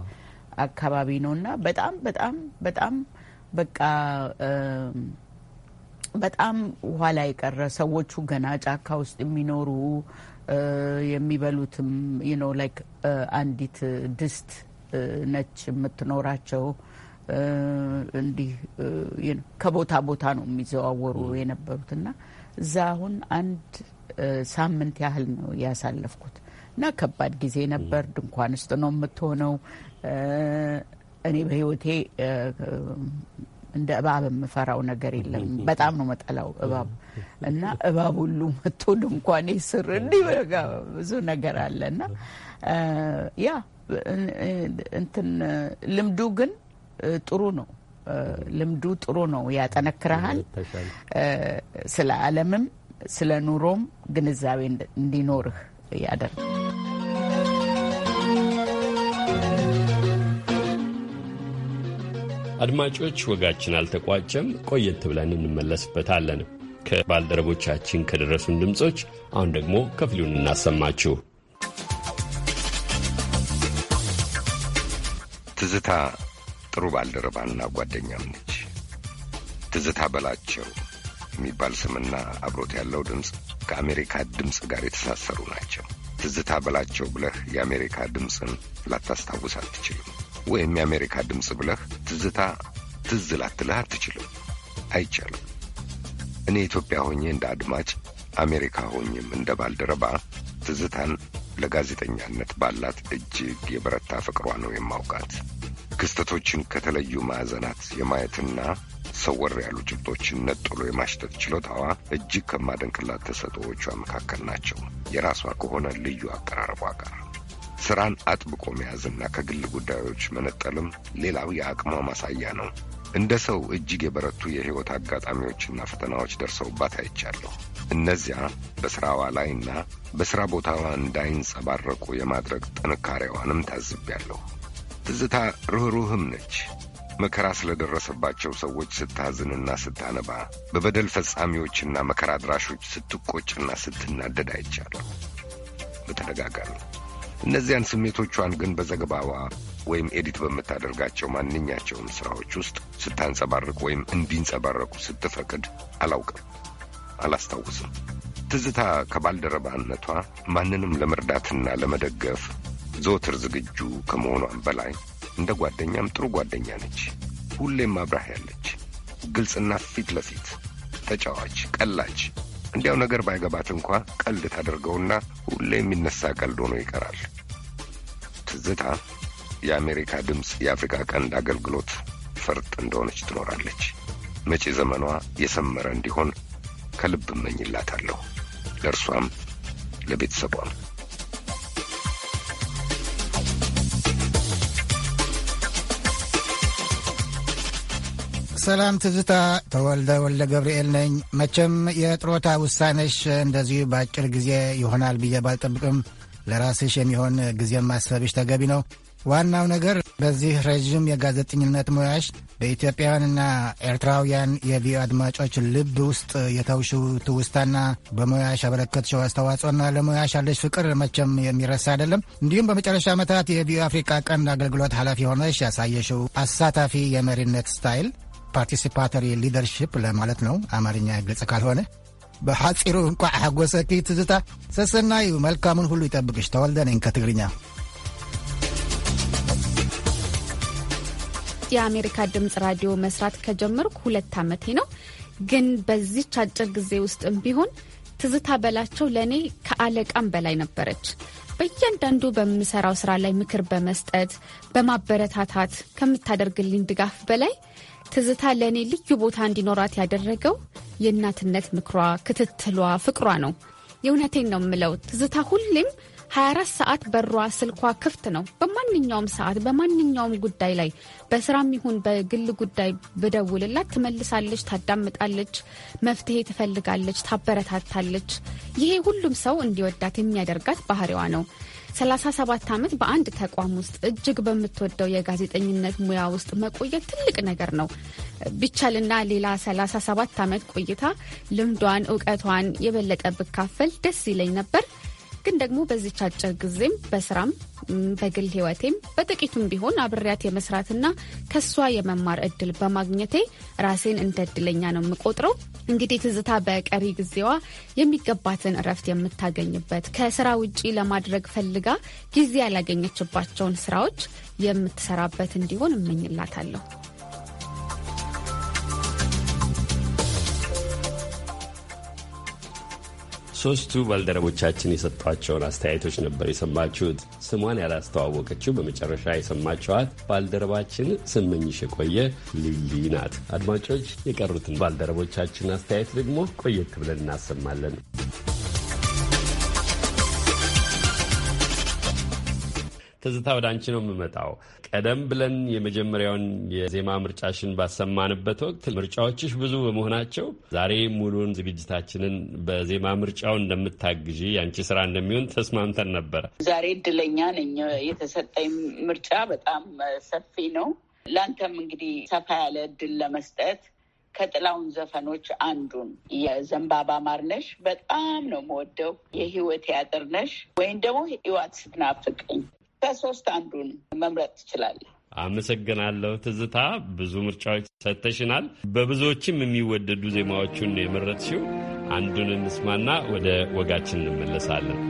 አካባቢ ነው እና በጣም በጣም በጣም በቃ በጣም ኋላ የቀረ ሰዎቹ ገና ጫካ ውስጥ የሚኖሩ የሚበሉትም ዩኖ ላይክ አንዲት ድስት ነች የምትኖራቸው። እንዲህ ከቦታ ቦታ ነው የሚዘዋወሩ የነበሩት እና እዛ አሁን አንድ ሳምንት ያህል ነው ያሳለፍኩት እና ከባድ ጊዜ ነበር። ድንኳን ውስጥ ነው የምትሆነው። እኔ በህይወቴ እንደ እባብ የምፈራው ነገር የለም። በጣም ነው መጠላው እባብ እና እባብ ሁሉ መጥቶ ድንኳኔ ስር እንዲህ ብዙ ነገር አለ እና ያ እንትን ልምዱ ግን ጥሩ ነው። ልምዱ ጥሩ ነው፣ ያጠነክረሃል። ስለ ዓለምም ስለ ኑሮም ግንዛቤ እንዲኖርህ ያደርጋል። አድማጮች፣ ወጋችን አልተቋጨም። ቆየት ብለን እንመለስበታለን። ከባልደረቦቻችን ከደረሱን ድምፆች አሁን ደግሞ ከፊሉን እናሰማችሁ። ትዝታ ጥሩ ባልደረባና ጓደኛም ነች። ትዝታ በላቸው የሚባል ስምና አብሮት ያለው ድምፅ ከአሜሪካ ድምፅ ጋር የተሳሰሩ ናቸው። ትዝታ በላቸው ብለህ የአሜሪካ ድምፅን ላታስታውስ አትችልም። ወይም የአሜሪካ ድምፅ ብለህ ትዝታ ትዝ ላትልህ አትችልም። አይቻልም። እኔ ኢትዮጵያ ሆኜ እንደ አድማጭ፣ አሜሪካ ሆኜም እንደ ባልደረባ ትዝታን ለጋዜጠኛነት ባላት እጅግ የበረታ ፍቅሯ ነው የማውቃት። ክስተቶችን ከተለዩ ማዕዘናት የማየትና ሰወር ያሉ ጭብጦችን ነጥሎ የማሽተት ችሎታዋ እጅግ ከማደንቅላት ተሰጥኦዎቿ መካከል ናቸው። የራሷ ከሆነ ልዩ አቀራረቧ ጋር ስራን አጥብቆ መያዝና ከግል ጉዳዮች መነጠልም ሌላው የአቅሟ ማሳያ ነው። እንደ ሰው እጅግ የበረቱ የሕይወት አጋጣሚዎችና ፈተናዎች ደርሰውባት አይቻለሁ። እነዚያ በሥራዋ ላይና በሥራ ቦታዋ እንዳይንጸባረቁ የማድረግ ጥንካሬዋንም ታዝቤያለሁ። ትዝታ ርኅሩህም ነች። መከራ ስለደረሰባቸው ሰዎች ስታዝንና ስታነባ፣ በበደል ፈጻሚዎችና መከራ አድራሾች ስትቆጭና ስትናደድ አይቻለሁ በተደጋጋሚ። እነዚያን ስሜቶቿን ግን በዘገባዋ ወይም ኤዲት በምታደርጋቸው ማንኛቸውም ሥራዎች ውስጥ ስታንጸባርቅ ወይም እንዲንጸባረቁ ስትፈቅድ አላውቅም፣ አላስታውስም። ትዝታ ከባልደረባነቷ ማንንም ለመርዳትና ለመደገፍ ዘወትር ዝግጁ ከመሆኗም በላይ እንደ ጓደኛም ጥሩ ጓደኛ ነች። ሁሌም አብራህ ያለች፣ ግልጽና ፊት ለፊት ተጫዋች፣ ቀላች እንዲያው ነገር ባይገባት እንኳ ቀልድ ታደርገውና ሁሌ የሚነሳ ቀልድ ሆኖ ይቀራል። ትዝታ የአሜሪካ ድምፅ የአፍሪካ ቀንድ አገልግሎት ፈርጥ እንደሆነች ትኖራለች። መጪ ዘመኗ የሰመረ እንዲሆን ከልብ እመኝላታለሁ ለእርሷም ለቤተሰቧም። ሰላም ትዝታ ተወልደ ወልደ ገብርኤል ነኝ። መቼም የጥሮታ ውሳኔሽ እንደዚሁ በአጭር ጊዜ ይሆናል ብዬ ባልጠብቅም ለራስሽ የሚሆን ጊዜ ማሰብሽ ተገቢ ነው። ዋናው ነገር በዚህ ረዥም የጋዜጠኝነት ሙያሽ በኢትዮጵያውያንና ኤርትራውያን የቪዮ አድማጮች ልብ ውስጥ የተውሽው ትውስታና በሙያሽ ያበረከትሽው አስተዋጽኦና ለሙያሽ ያለሽ ፍቅር መቼም የሚረሳ አይደለም። እንዲሁም በመጨረሻ ዓመታት የቪዮ አፍሪካ ቀንድ አገልግሎት ኃላፊ ሆነሽ ያሳየሽው አሳታፊ የመሪነት ስታይል ፓርቲሲፓተሪ ሊደርሽፕ ለማለት ነው። አማርኛ ግልጽ ካልሆነ በሐፂሩ እንኳ ሓጎሰኪ ትዝታ ሰሰናዩ መልካሙን ሁሉ ይጠብቅሽ። ተወልደ ከትግርኛ የአሜሪካ ድምጽ ራዲዮ መስራት ከጀመርኩ ሁለት ዓመቴ ነው። ግን በዚች አጭር ጊዜ ውስጥም ቢሆን ትዝታ በላቸው ለእኔ ከአለቃም በላይ ነበረች። በእያንዳንዱ በምሰራው ስራ ላይ ምክር በመስጠት በማበረታታት ከምታደርግልኝ ድጋፍ በላይ ትዝታ ለእኔ ልዩ ቦታ እንዲኖራት ያደረገው የእናትነት ምክሯ፣ ክትትሏ፣ ፍቅሯ ነው። የእውነቴን ነው የምለው። ትዝታ ሁሌም 24 ሰዓት በሯ ስልኳ ክፍት ነው። በማንኛውም ሰዓት በማንኛውም ጉዳይ ላይ በስራም ይሁን በግል ጉዳይ ብደውልላት ትመልሳለች፣ ታዳምጣለች፣ መፍትሄ ትፈልጋለች፣ ታበረታታለች። ይሄ ሁሉም ሰው እንዲወዳት የሚያደርጋት ባህሪዋ ነው። 37 ዓመት በአንድ ተቋም ውስጥ እጅግ በምትወደው የጋዜጠኝነት ሙያ ውስጥ መቆየት ትልቅ ነገር ነው። ቢቻልና ሌላ 37 ዓመት ቆይታ ልምዷን እውቀቷን የበለጠ ብካፈል ደስ ይለኝ ነበር። ግን ደግሞ በዚች አጭር ጊዜም በስራም በግል ህይወቴም በጥቂቱም ቢሆን አብሬያት የመስራትና ከሷ የመማር እድል በማግኘቴ ራሴን እንደ እድለኛ ነው የምቆጥረው። እንግዲህ ትዝታ በቀሪ ጊዜዋ የሚገባትን እረፍት የምታገኝበት ከስራ ውጪ ለማድረግ ፈልጋ ጊዜ ያላገኘችባቸውን ስራዎች የምትሰራበት እንዲሆን እመኝላታለሁ። ሶስቱ ባልደረቦቻችን የሰጧቸውን አስተያየቶች ነበር የሰማችሁት። ስሟን ያላስተዋወቀችው በመጨረሻ የሰማችኋት ባልደረባችን ስመኝሽ የቆየ ሊሊ ናት። አድማጮች፣ የቀሩትን ባልደረቦቻችን አስተያየት ደግሞ ቆየት ብለን እናሰማለን። ትዝታ ወደ አንቺ ነው የምመጣው። ቀደም ብለን የመጀመሪያውን የዜማ ምርጫሽን ባሰማንበት ወቅት ምርጫዎችሽ ብዙ በመሆናቸው ዛሬ ሙሉን ዝግጅታችንን በዜማ ምርጫው እንደምታግዢ የአንቺ ስራ እንደሚሆን ተስማምተን ነበረ። ዛሬ እድለኛ ነኝ። የተሰጠኝ ምርጫ በጣም ሰፊ ነው። ለአንተም እንግዲህ ሰፋ ያለ እድል ለመስጠት ከጥላውን ዘፈኖች አንዱን የዘንባባ ማርነሽ በጣም ነው የምወደው። የህይወት ያጥርነሽ ወይም ደግሞ ህይወት ስትናፍቅኝ ከሶስት አንዱን መምረጥ ትችላለህ። አመሰግናለሁ ትዝታ። ብዙ ምርጫዎች ሰጥተሽናል። በብዙዎችም የሚወደዱ ዜማዎቹን የመረጥ ሲው አንዱን እንስማና ወደ ወጋችን እንመለሳለን።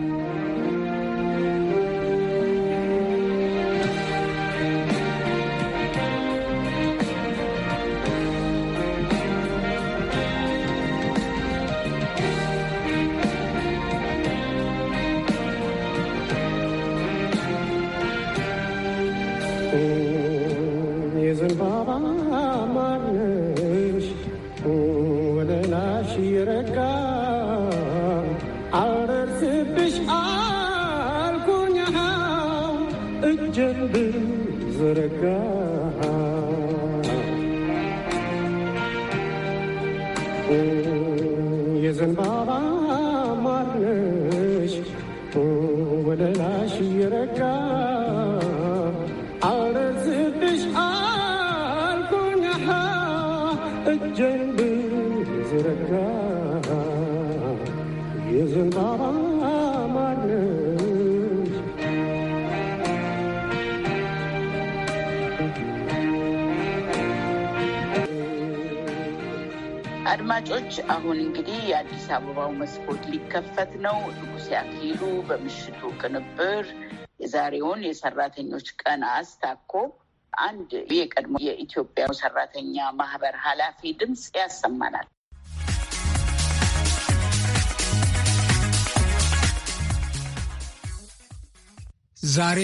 አሁን እንግዲህ የአዲስ አበባው መስኮት ሊከፈት ነው። ንጉሴ አክሊሉ በምሽቱ ቅንብር የዛሬውን የሰራተኞች ቀን አስታኮ አንድ የቀድሞ የኢትዮጵያ ሰራተኛ ማህበር ኃላፊ ድምፅ ያሰማናል። ዛሬ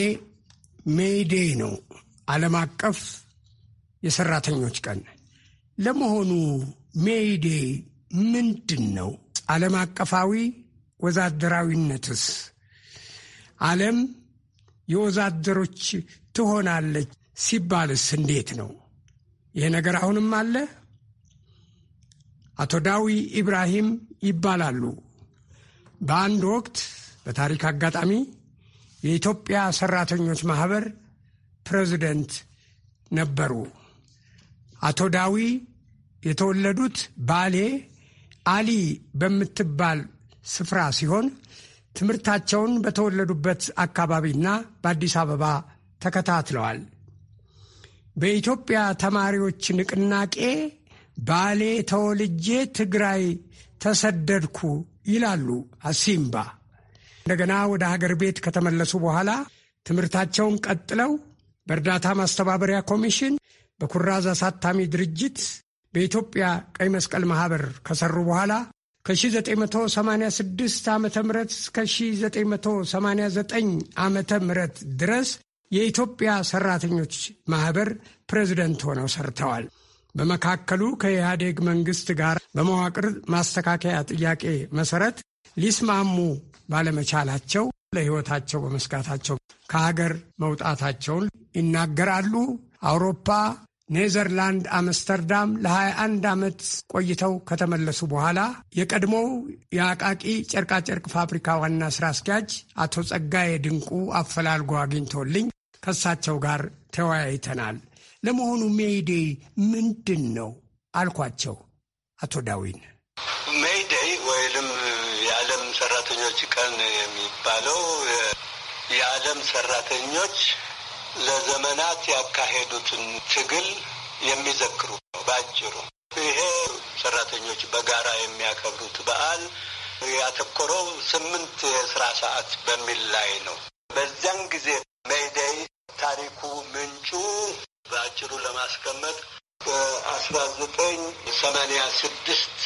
ሜይዴ ነው፣ ዓለም አቀፍ የሰራተኞች ቀን። ለመሆኑ ሜይዴ ምንድን ነው? ዓለም አቀፋዊ ወዛደራዊነትስ? ዓለም የወዛደሮች ትሆናለች ሲባልስ እንዴት ነው? ይህ ነገር አሁንም አለ። አቶ ዳዊ ኢብራሂም ይባላሉ። በአንድ ወቅት በታሪክ አጋጣሚ የኢትዮጵያ ሰራተኞች ማህበር ፕሬዚደንት ነበሩ። አቶ ዳዊ የተወለዱት ባሌ አሊ በምትባል ስፍራ ሲሆን ትምህርታቸውን በተወለዱበት አካባቢና በአዲስ አበባ ተከታትለዋል። በኢትዮጵያ ተማሪዎች ንቅናቄ ባሌ ተወልጄ ትግራይ ተሰደድኩ ይላሉ አሲምባ። እንደገና ወደ ሀገር ቤት ከተመለሱ በኋላ ትምህርታቸውን ቀጥለው በእርዳታ ማስተባበሪያ ኮሚሽን፣ በኩራዝ አሳታሚ ድርጅት፣ በኢትዮጵያ ቀይ መስቀል ማህበር ከሰሩ በኋላ ከ1986 ዓ ም እስከ 1989 ዓ ም ድረስ የኢትዮጵያ ሠራተኞች ማኅበር ፕሬዝደንት ሆነው ሠርተዋል። በመካከሉ ከኢህአዴግ መንግሥት ጋር በመዋቅር ማስተካከያ ጥያቄ መሠረት ሊስማሙ ባለመቻላቸው ለሕይወታቸው በመስጋታቸው ከሀገር መውጣታቸውን ይናገራሉ። አውሮፓ ኔዘርላንድ አምስተርዳም ለ21 ዓመት ቆይተው ከተመለሱ በኋላ የቀድሞው የአቃቂ ጨርቃጨርቅ ፋብሪካ ዋና ስራ አስኪያጅ አቶ ጸጋዬ ድንቁ አፈላልጎ አግኝቶልኝ ከእሳቸው ጋር ተወያይተናል። ለመሆኑ ሜይዴይ ምንድን ነው አልኳቸው። አቶ ዳዊን ሜይዴይ ወይም የዓለም ሰራተኞች ቀን የሚባለው የዓለም ሰራተኞች ለዘመናት ያካሄዱትን ትግል የሚዘክሩ ነው ባጭሩ። ይሄ ሰራተኞች በጋራ የሚያከብሩት በዓል ያተኮረው ስምንት የስራ ሰዓት በሚል ላይ ነው። በዚያን ጊዜ ሜይደይ ታሪኩ ምንጩ በአጭሩ ለማስቀመጥ በአስራ ዘጠኝ ሰማንያ ስድስት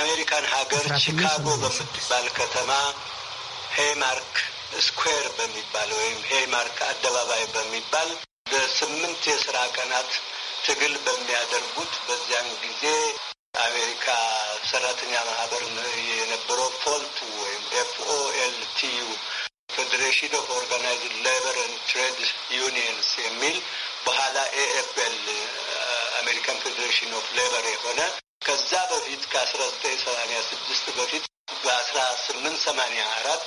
አሜሪካን ሀገር ቺካጎ በምትባል ከተማ ሄይማርክ ስኩዌር በሚባል ወይም ሄይማርክ አደባባይ በሚባል በስምንት የስራ ቀናት ትግል በሚያደርጉት በዚያን ጊዜ አሜሪካ ሰራተኛ ማህበር የነበረው ፎልቱ ወይም ኤፍኦኤልቲዩ ፌዴሬሽን ኦፍ ኦርጋናይዝድ ሌበር ን ትሬድ ዩኒየንስ የሚል በኋላ ኤኤፍኤል አሜሪካን ፌዴሬሽን ኦፍ ሌበር የሆነ ከዛ በፊት ከአስራ ዘጠኝ ሰማኒያ ስድስት በፊት በአስራ ስምንት ሰማኒያ አራት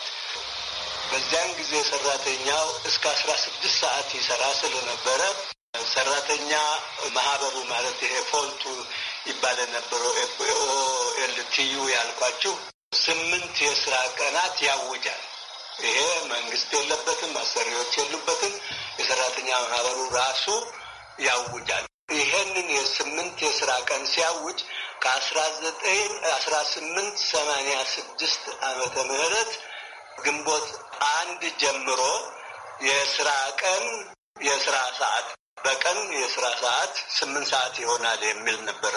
በዚያን ጊዜ ሰራተኛው እስከ አስራ ስድስት ሰዓት ይሰራ ስለነበረ ሰራተኛ ማህበሩ ማለት ይሄ ፎልቱ ይባል የነበረው ኤፍኦኤልቲዩ ያልኳችሁ ስምንት የስራ ቀናት ያውጃል። ይሄ መንግስት የለበትም፣ አሰሪዎች የሉበትም። የሰራተኛ ማህበሩ ራሱ ያውጃል። ይሄንን የስምንት የስራ ቀን ሲያውጅ ከአስራ ዘጠኝ አስራ ስምንት ሰማንያ ስድስት አመተ ምህረት ግንቦት አንድ ጀምሮ የስራ ቀን የስራ ሰዓት በቀን የስራ ሰዓት ስምንት ሰዓት ይሆናል የሚል ነበረ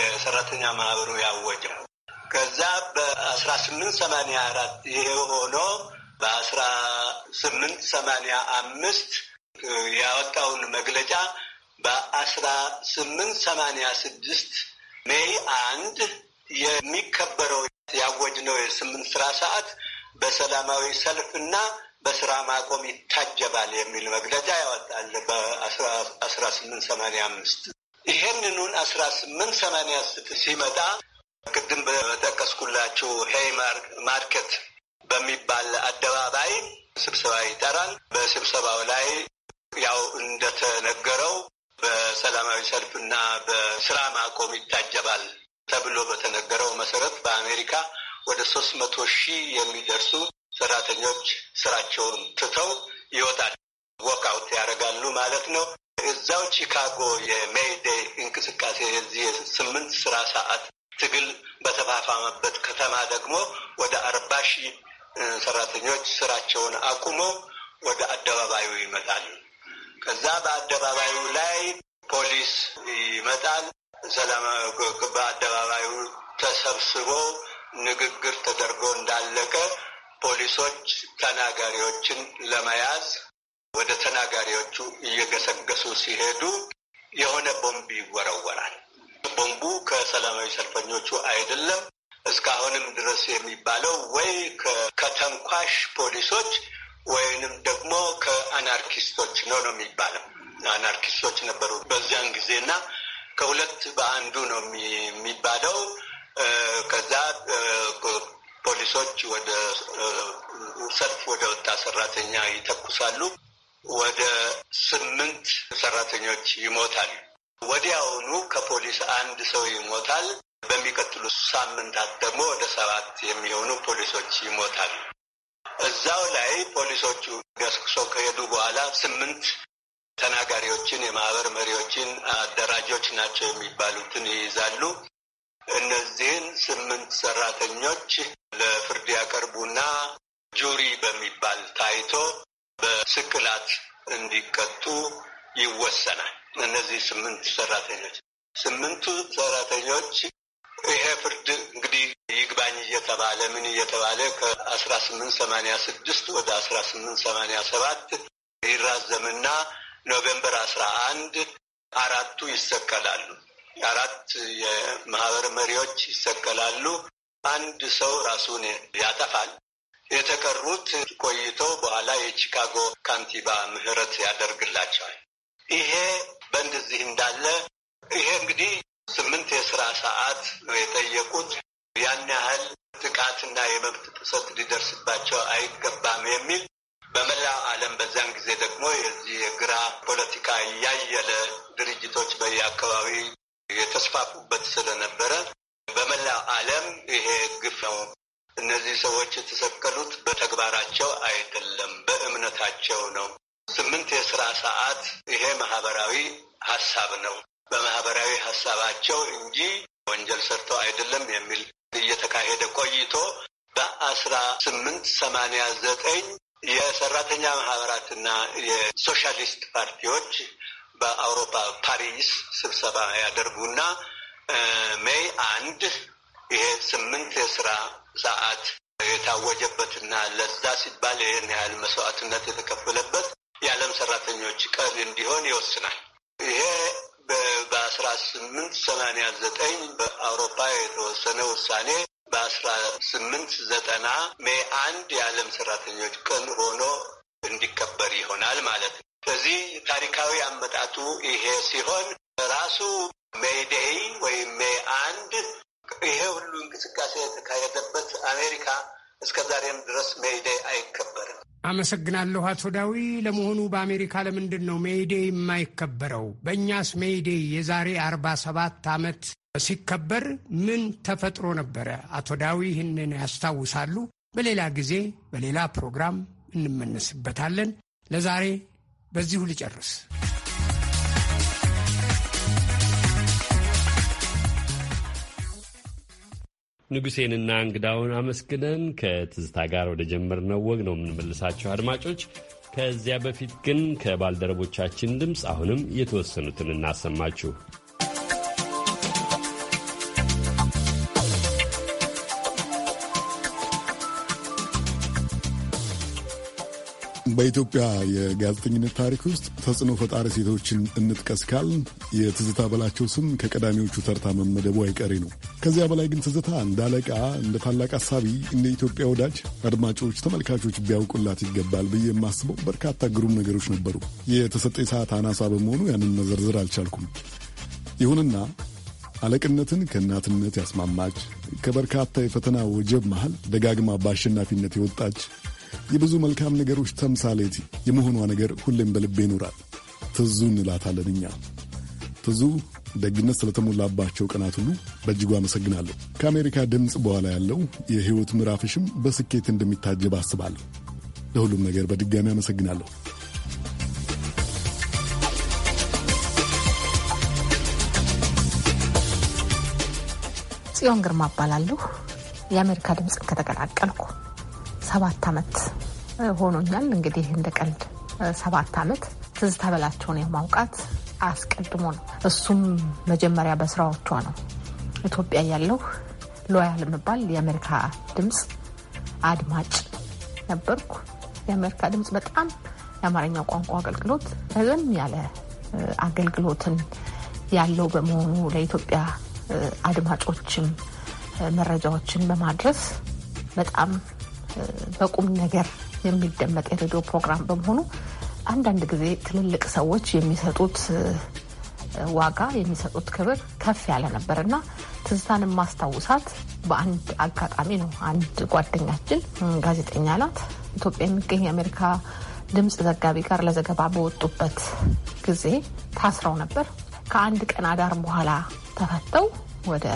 የሰራተኛ ማህበሩ ያወጀው። ከዛ በአስራ ስምንት ሰማኒያ አራት ይሄ ሆኖ በአስራ ስምንት ሰማኒያ አምስት ያወጣውን መግለጫ በአስራ ስምንት ሰማኒያ ስድስት ሜይ አንድ የሚከበረው ያወጅነው የስምንት ስራ ሰዓት በሰላማዊ ሰልፍና በስራ ማቆም ይታጀባል የሚል መግለጫ ያወጣል በአስራ ስምንት ሰማንያ አምስት ይሄንኑን አስራ ስምንት ሰማንያ ስት ሲመጣ ቅድም በጠቀስኩላችሁ ሄይ ማርኬት በሚባል አደባባይ ስብሰባ ይጠራል። በስብሰባው ላይ ያው እንደተነገረው በሰላማዊ ሰልፍና በስራ ማቆም ይታጀባል ተብሎ በተነገረው መሰረት በአሜሪካ ወደ ሶስት መቶ ሺህ የሚደርሱ ሰራተኞች ስራቸውን ትተው ይወጣል ወክአውት ያደርጋሉ ማለት ነው። እዛው ቺካጎ የሜይዴይ እንቅስቃሴ የዚህ የስምንት ስራ ሰዓት ትግል በተፋፋመበት ከተማ ደግሞ ወደ አርባ ሺህ ሰራተኞች ስራቸውን አቁሞ ወደ አደባባዩ ይመጣል። ከዛ በአደባባዩ ላይ ፖሊስ ይመጣል። በአደባባዩ ተሰብስቦ ንግግር ተደርጎ እንዳለቀ ፖሊሶች ተናጋሪዎችን ለመያዝ ወደ ተናጋሪዎቹ እየገሰገሱ ሲሄዱ የሆነ ቦምብ ይወረወራል። ቦምቡ ከሰላማዊ ሰልፈኞቹ አይደለም። እስካሁንም ድረስ የሚባለው ወይ ከተንኳሽ ፖሊሶች ወይንም ደግሞ ከአናርኪስቶች ነው ነው የሚባለው። አናርኪስቶች ነበሩ በዚያን ጊዜና ከሁለት በአንዱ ነው የሚባለው። ከዛ ፖሊሶች ወደ ሰልፍ ወደ ወጣ ሰራተኛ ይተኩሳሉ። ወደ ስምንት ሰራተኞች ይሞታል። ወዲያውኑ ከፖሊስ አንድ ሰው ይሞታል። በሚቀጥሉ ሳምንታት ደግሞ ወደ ሰባት የሚሆኑ ፖሊሶች ይሞታል። እዛው ላይ ፖሊሶቹ ገስቅሶ ከሄዱ በኋላ ስምንት ተናጋሪዎችን፣ የማህበር መሪዎችን፣ አደራጆች ናቸው የሚባሉትን ይይዛሉ። እነዚህን ስምንት ሰራተኞች ለፍርድ ያቀርቡና ጁሪ በሚባል ታይቶ በስቅላት እንዲቀጡ ይወሰናል። እነዚህ ስምንት ሰራተኞች ስምንቱ ሰራተኞች ይሄ ፍርድ እንግዲህ ይግባኝ እየተባለ ምን እየተባለ ከአስራ ስምንት ሰማንያ ስድስት ወደ አስራ ስምንት ሰማንያ ሰባት ይራዘምና ኖቬምበር አስራ አንድ አራቱ ይሰቀላሉ። አራት የማህበር መሪዎች ይሰቀላሉ። አንድ ሰው ራሱን ያጠፋል። የተቀሩት ቆይተው በኋላ የቺካጎ ካንቲባ ምህረት ያደርግላቸዋል። ይሄ በእንደዚህ እንዳለ ይሄ እንግዲህ ስምንት የስራ ሰዓት ነው የጠየቁት። ያን ያህል ጥቃትና የመብት ጥሰት ሊደርስባቸው አይገባም የሚል በመላ ዓለም በዚያን ጊዜ ደግሞ የዚህ የግራ ፖለቲካ እያየለ ድርጅቶች በየአካባቢ የተስፋፉበት ስለነበረ በመላ ዓለም ይሄ ግፍ ነው። እነዚህ ሰዎች የተሰቀሉት በተግባራቸው አይደለም፣ በእምነታቸው ነው። ስምንት የስራ ሰዓት ይሄ ማህበራዊ ሀሳብ ነው። በማህበራዊ ሀሳባቸው እንጂ ወንጀል ሰርተው አይደለም የሚል እየተካሄደ ቆይቶ በአስራ ስምንት ሰማንያ ዘጠኝ የሰራተኛ ማህበራትና የሶሻሊስት ፓርቲዎች በአውሮፓ ፓሪስ ስብሰባ ያደርጉና ሜይ አንድ ይሄ ስምንት የስራ ሰዓት የታወጀበትና ለዛ ሲባል ይህን ያህል መስዋዕትነት የተከፈለበት የዓለም ሰራተኞች ቀን እንዲሆን ይወስናል። ይሄ በአስራ ስምንት ሰማንያ ዘጠኝ በአውሮፓ የተወሰነ ውሳኔ በአስራ ስምንት ዘጠና ሜ አንድ የዓለም ሰራተኞች ቀን ሆኖ እንዲከበር ይሆናል ማለት ነው። ስለዚህ ታሪካዊ አመጣጡ ይሄ ሲሆን ራሱ ሜይዴይ ወይም ሜ አንድ ይሄ ሁሉ እንቅስቃሴ የተካሄደበት አሜሪካ እስከ ዛሬም ድረስ ሜይዴይ አይከበርም። አመሰግናለሁ አቶ ዳዊ። ለመሆኑ በአሜሪካ ለምንድን ነው ሜይዴይ የማይከበረው? በእኛስ ሜይዴይ የዛሬ አርባ ሰባት ዓመት ሲከበር ምን ተፈጥሮ ነበረ? አቶ ዳዊ ይህንን ያስታውሳሉ። በሌላ ጊዜ በሌላ ፕሮግራም እንመነስበታለን። ለዛሬ በዚሁ ልጨርስ። ንጉሴንና እንግዳውን አመስግነን ከትዝታ ጋር ወደ ጀመርነው ወግ ነው የምንመልሳቸው አድማጮች። ከዚያ በፊት ግን ከባልደረቦቻችን ድምፅ አሁንም የተወሰኑትን እናሰማችሁ። በኢትዮጵያ የጋዜጠኝነት ታሪክ ውስጥ ተጽዕኖ ፈጣሪ ሴቶችን እንጥቀስ ካል የትዝታ በላቸው ስም ከቀዳሚዎቹ ተርታ መመደቡ አይቀሬ ነው። ከዚያ በላይ ግን ትዝታ እንደ አለቃ፣ እንደ ታላቅ አሳቢ፣ እንደ ኢትዮጵያ ወዳጅ አድማጮች፣ ተመልካቾች ቢያውቁላት ይገባል ብዬ የማስበው በርካታ ግሩም ነገሮች ነበሩ። የተሰጠኝ ሰዓት አናሳ በመሆኑ ያንን መዘርዘር አልቻልኩም። ይሁንና አለቅነትን ከእናትነት ያስማማች ከበርካታ የፈተና ወጀብ መሃል ደጋግማ በአሸናፊነት የወጣች የብዙ መልካም ነገሮች ተምሳሌት የመሆኗ ነገር ሁሌም በልቤ ይኖራል። ትዙ እንላታለን እኛ። ትዙ ደግነት ስለተሞላባቸው ቀናት ሁሉ በእጅጉ አመሰግናለሁ። ከአሜሪካ ድምፅ በኋላ ያለው የሕይወት ምዕራፍሽም በስኬት እንደሚታጀብ አስባለሁ። ለሁሉም ነገር በድጋሚ አመሰግናለሁ። ጽዮን ግርማ እባላለሁ። የአሜሪካ ድምፅን ከተቀላቀልኩ ሰባት ዓመት ሆኖኛል። እንግዲህ እንደ ቀልድ ሰባት ዓመት ትዝታ በላቸውን የማውቃት አስቀድሞ ነው። እሱም መጀመሪያ በስራዎቿ ነው። ኢትዮጵያ ያለው ሎያል የምባል የአሜሪካ ድምፅ አድማጭ ነበርኩ። የአሜሪካ ድምፅ በጣም የአማርኛ ቋንቋ አገልግሎት ረዘም ያለ አገልግሎትን ያለው በመሆኑ ለኢትዮጵያ አድማጮችም መረጃዎችን በማድረስ በጣም በቁም ነገር የሚደመጥ የሬዲዮ ፕሮግራም በመሆኑ አንዳንድ ጊዜ ትልልቅ ሰዎች የሚሰጡት ዋጋ የሚሰጡት ክብር ከፍ ያለ ነበር እና ትዝታን ማስታውሳት በአንድ አጋጣሚ ነው። አንድ ጓደኛችን ጋዜጠኛ ናት። ኢትዮጵያ የሚገኝ የአሜሪካ ድምፅ ዘጋቢ ጋር ለዘገባ በወጡበት ጊዜ ታስረው ነበር። ከአንድ ቀን አዳር በኋላ ተፈተው ወደ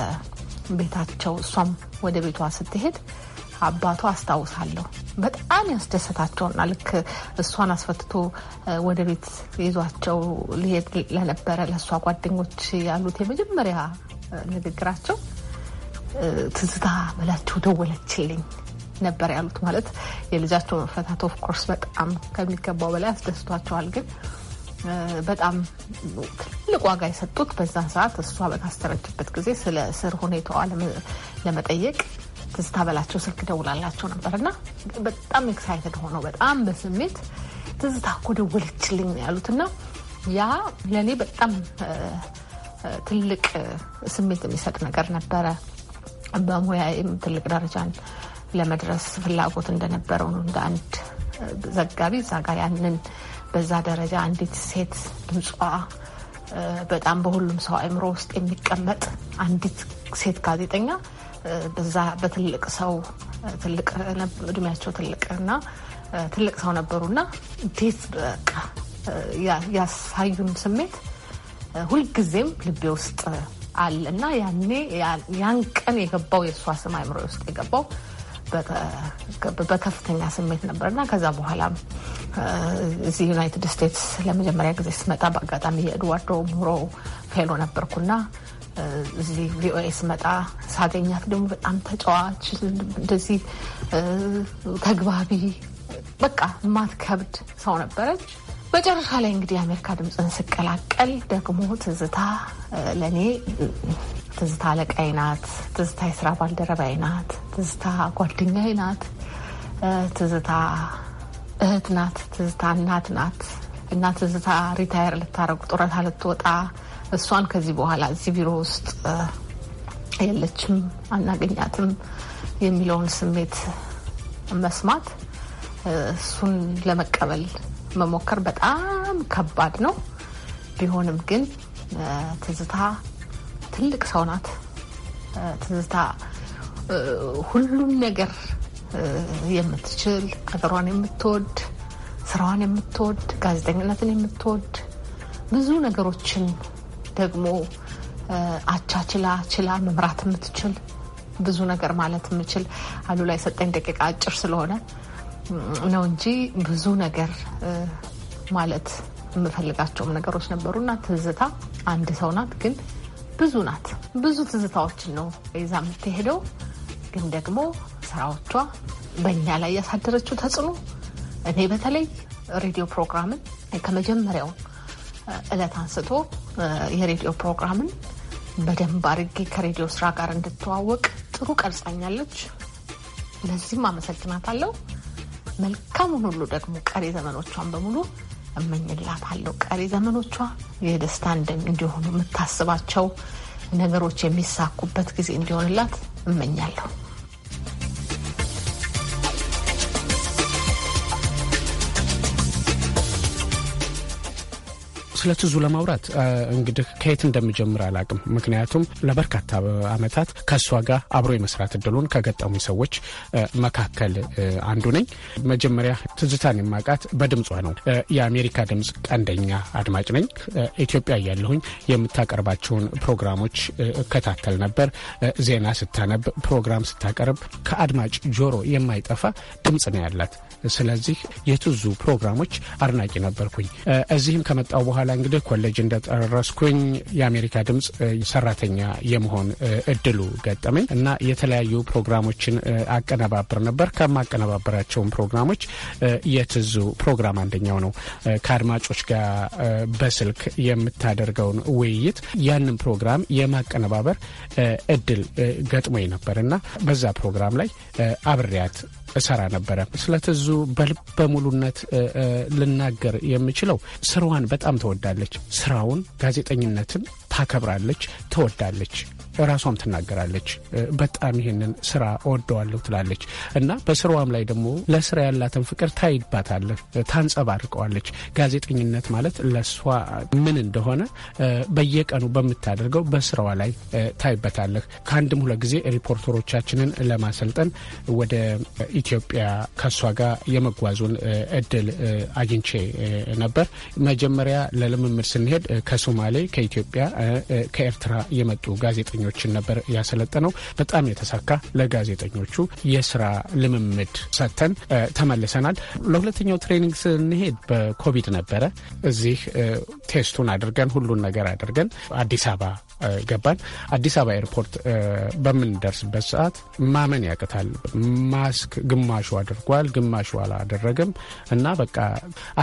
ቤታቸው እሷም ወደ ቤቷ ስትሄድ አባቷ አስታውሳለሁ በጣም ያስደሰታቸውና ልክ እሷን አስፈትቶ ወደ ቤት ይዟቸው ሊሄድ ለነበረ ለእሷ ጓደኞች ያሉት የመጀመሪያ ንግግራቸው ትዝታ በላቸው ደወለችልኝ ነበር ያሉት። ማለት የልጃቸው መፈታት ኦፍኮርስ በጣም ከሚገባው በላይ አስደስቷቸዋል። ግን በጣም ትልቅ ዋጋ የሰጡት በዛ ሰዓት እሷ በታሰረችበት ጊዜ ስለ እስር ሁኔታዋ ለመጠየቅ ትዝታ በላቸው ስልክ ደውላላቸው ነበር እና በጣም ኤክሳይትድ ሆነው በጣም በስሜት ትዝታ እኮ ደወለችልኝ ያሉት እና ያ ለእኔ በጣም ትልቅ ስሜት የሚሰጥ ነገር ነበረ። በሙያዬም ትልቅ ደረጃን ለመድረስ ፍላጎት እንደነበረው ነው እንደ አንድ ዘጋቢ እዛ ጋር ያንን በዛ ደረጃ አንዲት ሴት ድምጿ በጣም በሁሉም ሰው አእምሮ ውስጥ የሚቀመጥ አንዲት ሴት ጋዜጠኛ በዛ በትልቅ ሰው ትልቅ እድሜያቸው ትልቅ እና ትልቅ ሰው ነበሩና እንዴት በቃ ያሳዩን ስሜት ሁልጊዜም ልቤ ውስጥ አለ እና ያኔ ያን ቀን የገባው የእሷ ስም አይምሮ ውስጥ የገባው በከፍተኛ ስሜት ነበር እና ከዛ በኋላ እዚህ ዩናይትድ ስቴትስ ለመጀመሪያ ጊዜ ስመጣ በአጋጣሚ የኤድዋርዶ ሙሮ ፌሎ ነበርኩና እዚህ ቪኦኤ ስመጣ ሳገኛት ደግሞ በጣም ተጫዋች እንደዚህ ተግባቢ በቃ ማትከብድ ሰው ነበረች። መጨረሻ ላይ እንግዲህ የአሜሪካ ድምፅን ስቀላቀል ደግሞ ትዝታ ለእኔ ትዝታ አለቃዬ ናት። ትዝታ የስራ ባልደረባዬ ናት። ትዝታ ጓደኛዬ ናት። ትዝታ እህት ናት። ትዝታ እናት ናት እና ትዝታ ሪታየር ልታረጉ ጡረታ ልትወጣ እሷን ከዚህ በኋላ እዚህ ቢሮ ውስጥ የለችም አናገኛትም የሚለውን ስሜት መስማት እሱን ለመቀበል መሞከር በጣም ከባድ ነው። ቢሆንም ግን ትዝታ ትልቅ ሰው ናት። ትዝታ ሁሉም ነገር የምትችል አገሯን የምትወድ ስራዋን የምትወድ ጋዜጠኝነትን የምትወድ ብዙ ነገሮችን ደግሞ አቻችላ ችላ መምራት የምትችል ብዙ ነገር ማለት የምችል አሉ ላይ ሰጠኝ ደቂቃ አጭር ስለሆነ ነው እንጂ ብዙ ነገር ማለት የምፈልጋቸውም ነገሮች እና ትዝታ አንድ ሰው ናት፣ ግን ብዙ ናት። ብዙ ትዝታዎችን ነው ይዛ የምትሄደው። ግን ደግሞ ስራዎቿ በእኛ ላይ ያሳደረችው ተጽዕኖ እኔ በተለይ ሬዲዮ ፕሮግራምን ከመጀመሪያው እለት አንስቶ የሬዲዮ ፕሮግራምን በደንብ አድርጌ ከሬዲዮ ስራ ጋር እንድተዋወቅ ጥሩ ቀርጻኛለች። ለዚህም አመሰግናታለሁ። መልካሙን ሁሉ ደግሞ ቀሪ ዘመኖቿን በሙሉ እመኝላታለሁ። ቀሪ ዘመኖቿ የደስታ እንዲሆኑ የምታስባቸው ነገሮች የሚሳኩበት ጊዜ እንዲሆንላት እመኛለሁ። ስለ ትዙ ለማውራት እንግዲህ ከየት እንደምጀምር አላቅም። ምክንያቱም ለበርካታ አመታት ከእሷ ጋር አብሮ የመስራት እድሉን ከገጠሙ ሰዎች መካከል አንዱ ነኝ። መጀመሪያ ትዝታን የማውቃት በድምጿ ነው። የአሜሪካ ድምፅ ቀንደኛ አድማጭ ነኝ። ኢትዮጵያ እያለሁኝ የምታቀርባቸውን ፕሮግራሞች እከታተል ነበር። ዜና ስታነብ፣ ፕሮግራም ስታቀርብ ከአድማጭ ጆሮ የማይጠፋ ድምፅ ነው ያላት። ስለዚህ የትዙ ፕሮግራሞች አድናቂ ነበርኩኝ። እዚህም ከመጣው በኋላ እንግዲህ ኮሌጅ እንደጨረስኩኝ የአሜሪካ ድምፅ ሰራተኛ የመሆን እድሉ ገጠመኝ እና የተለያዩ ፕሮግራሞችን አቀነባብር ነበር። ከማቀነባበራቸውን ፕሮግራሞች የትዙ ፕሮግራም አንደኛው ነው። ከአድማጮች ጋር በስልክ የምታደርገውን ውይይት ያንን ፕሮግራም የማቀነባበር እድል ገጥሞኝ ነበር እና በዛ ፕሮግራም ላይ አብሬያት እሰራ ነበረ። ስለ ትዙ በልበ ሙሉነት ልናገር የምችለው ስራዋን በጣም ትወዳለች። ስራውን፣ ጋዜጠኝነትን ታከብራለች፣ ትወዳለች። ራሷም ትናገራለች። በጣም ይህንን ስራ እወደዋለሁ ትላለች እና በስራዋም ላይ ደግሞ ለስራ ያላትን ፍቅር ታይባታለች፣ ታንጸባርቀዋለች። ጋዜጠኝነት ማለት ለእሷ ምን እንደሆነ በየቀኑ በምታደርገው በስራዋ ላይ ታይበታለህ። ከአንድም ሁለት ጊዜ ሪፖርተሮቻችንን ለማሰልጠን ወደ ኢትዮጵያ ከእሷ ጋር የመጓዙን እድል አግኝቼ ነበር። መጀመሪያ ለልምምድ ስንሄድ ከሶማሌ፣ ከኢትዮጵያ፣ ከኤርትራ የመጡ ጋዜጠኞች ጋዜጠኞችን ነበር ያሰለጠነው። በጣም የተሳካ ለጋዜጠኞቹ የስራ ልምምድ ሰጥተን ተመልሰናል። ለሁለተኛው ትሬኒንግ ስንሄድ በኮቪድ ነበረ። እዚህ ቴስቱን አድርገን ሁሉን ነገር አድርገን አዲስ አበባ ገባን። አዲስ አበባ ኤርፖርት በምንደርስበት ሰዓት ማመን ያቅታል። ማስክ ግማሹ አድርጓል፣ ግማሹ አላደረግም እና በቃ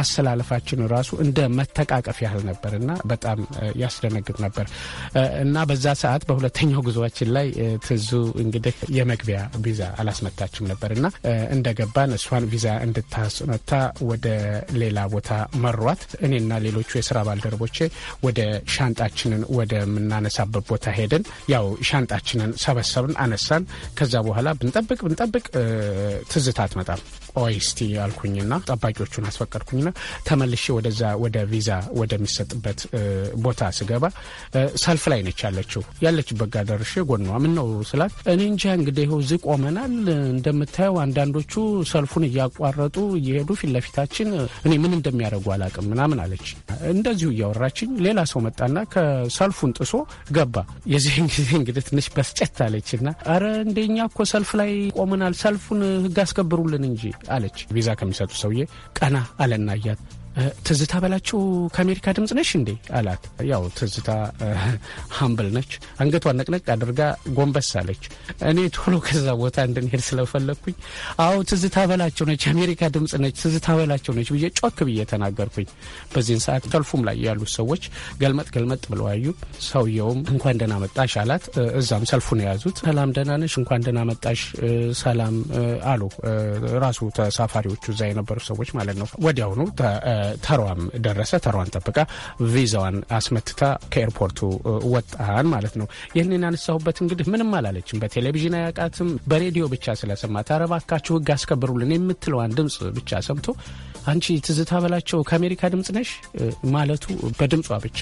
አሰላለፋችን ራሱ እንደ መተቃቀፍ ያህል ነበር እና በጣም ያስደነግጥ ነበር እና በዛ ሰዓት በሁለ ሁለተኛው ጉዞችን ላይ ትዙ እንግዲህ የመግቢያ ቪዛ አላስመታችም ነበር እና እንደገባን እሷን ቪዛ እንድታስመታ ወደ ሌላ ቦታ መሯት። እኔና ሌሎቹ የስራ ባልደረቦቼ ወደ ሻንጣችንን ወደምናነሳበት ቦታ ሄድን። ያው ሻንጣችንን ሰበሰብን፣ አነሳን። ከዛ በኋላ ብንጠብቅ ብንጠብቅ ትዝታ አትመጣም። ኦይስቲ አልኩኝና ጠባቂዎቹን አስፈቀድኩኝና ተመልሼ ወደዛ ወደ ቪዛ ወደሚሰጥበት ቦታ ስገባ ሰልፍ ላይ ነች ያለችው። ያለችበት ጋር ደርሼ ጎኗ ምን ነው ስላት፣ እኔ እንጃ እንግዲህ እዚህ ቆመናል። እንደምታየው አንዳንዶቹ ሰልፉን እያቋረጡ እየሄዱ ፊት ለፊታችን እኔ ምን እንደሚያደርጉ አላውቅም ምናምን አለች። እንደዚሁ እያወራችኝ ሌላ ሰው መጣና ከሰልፉን ጥሶ ገባ። የዚህን ጊዜ እንግዲህ ትንሽ በስጨት አለችና፣ አረ እንደኛ እኮ ሰልፍ ላይ ቆመናል፣ ሰልፉን ህግ አስከብሩልን እንጂ አለች። ቪዛ ከሚሰጡ ሰውዬ ቀና አለና እያት ትዝታ በላቸው ከአሜሪካ ድምፅ ነሽ እንዴ አላት። ያው ትዝታ ሀምብል ነች። አንገቷን ነቅነቅ አድርጋ ጎንበስ አለች። እኔ ቶሎ ከዛ ቦታ እንድንሄድ ስለፈለግኩኝ አዎ ትዝታ በላቸው ነች፣ የአሜሪካ ድምፅ ነች፣ ትዝታ በላቸው ነች ብዬ ጮክ ብዬ ተናገርኩኝ። በዚህን ሰዓት ተልፉም ላይ ያሉት ሰዎች ገልመጥ ገልመጥ ብለው አዩ። ሰውየውም እንኳን ደህና መጣሽ አላት። እዛም ሰልፉን የያዙት ሰላም ደህና ነሽ፣ እንኳን ደህና መጣሽ፣ ሰላም አሉ ራሱ ተሳፋሪዎቹ እዛ የነበሩ ሰዎች ማለት ነው። ወዲያውኑ ተሯም ደረሰ። ተሯን ጠብቃ ቪዛዋን አስመትታ ከኤርፖርቱ ወጣን ማለት ነው። ይህንን ያነሳሁበት እንግዲህ ምንም አላለችም። በቴሌቪዥን አያውቃትም። በሬዲዮ ብቻ ስለሰማት ኧረ እባካችሁ ህግ አስከብሩልን የምትለዋን ድምፅ ብቻ ሰምቶ አንቺ ትዝታ በላቸው ከአሜሪካ ድምፅ ነሽ ማለቱ በድምጿ ብቻ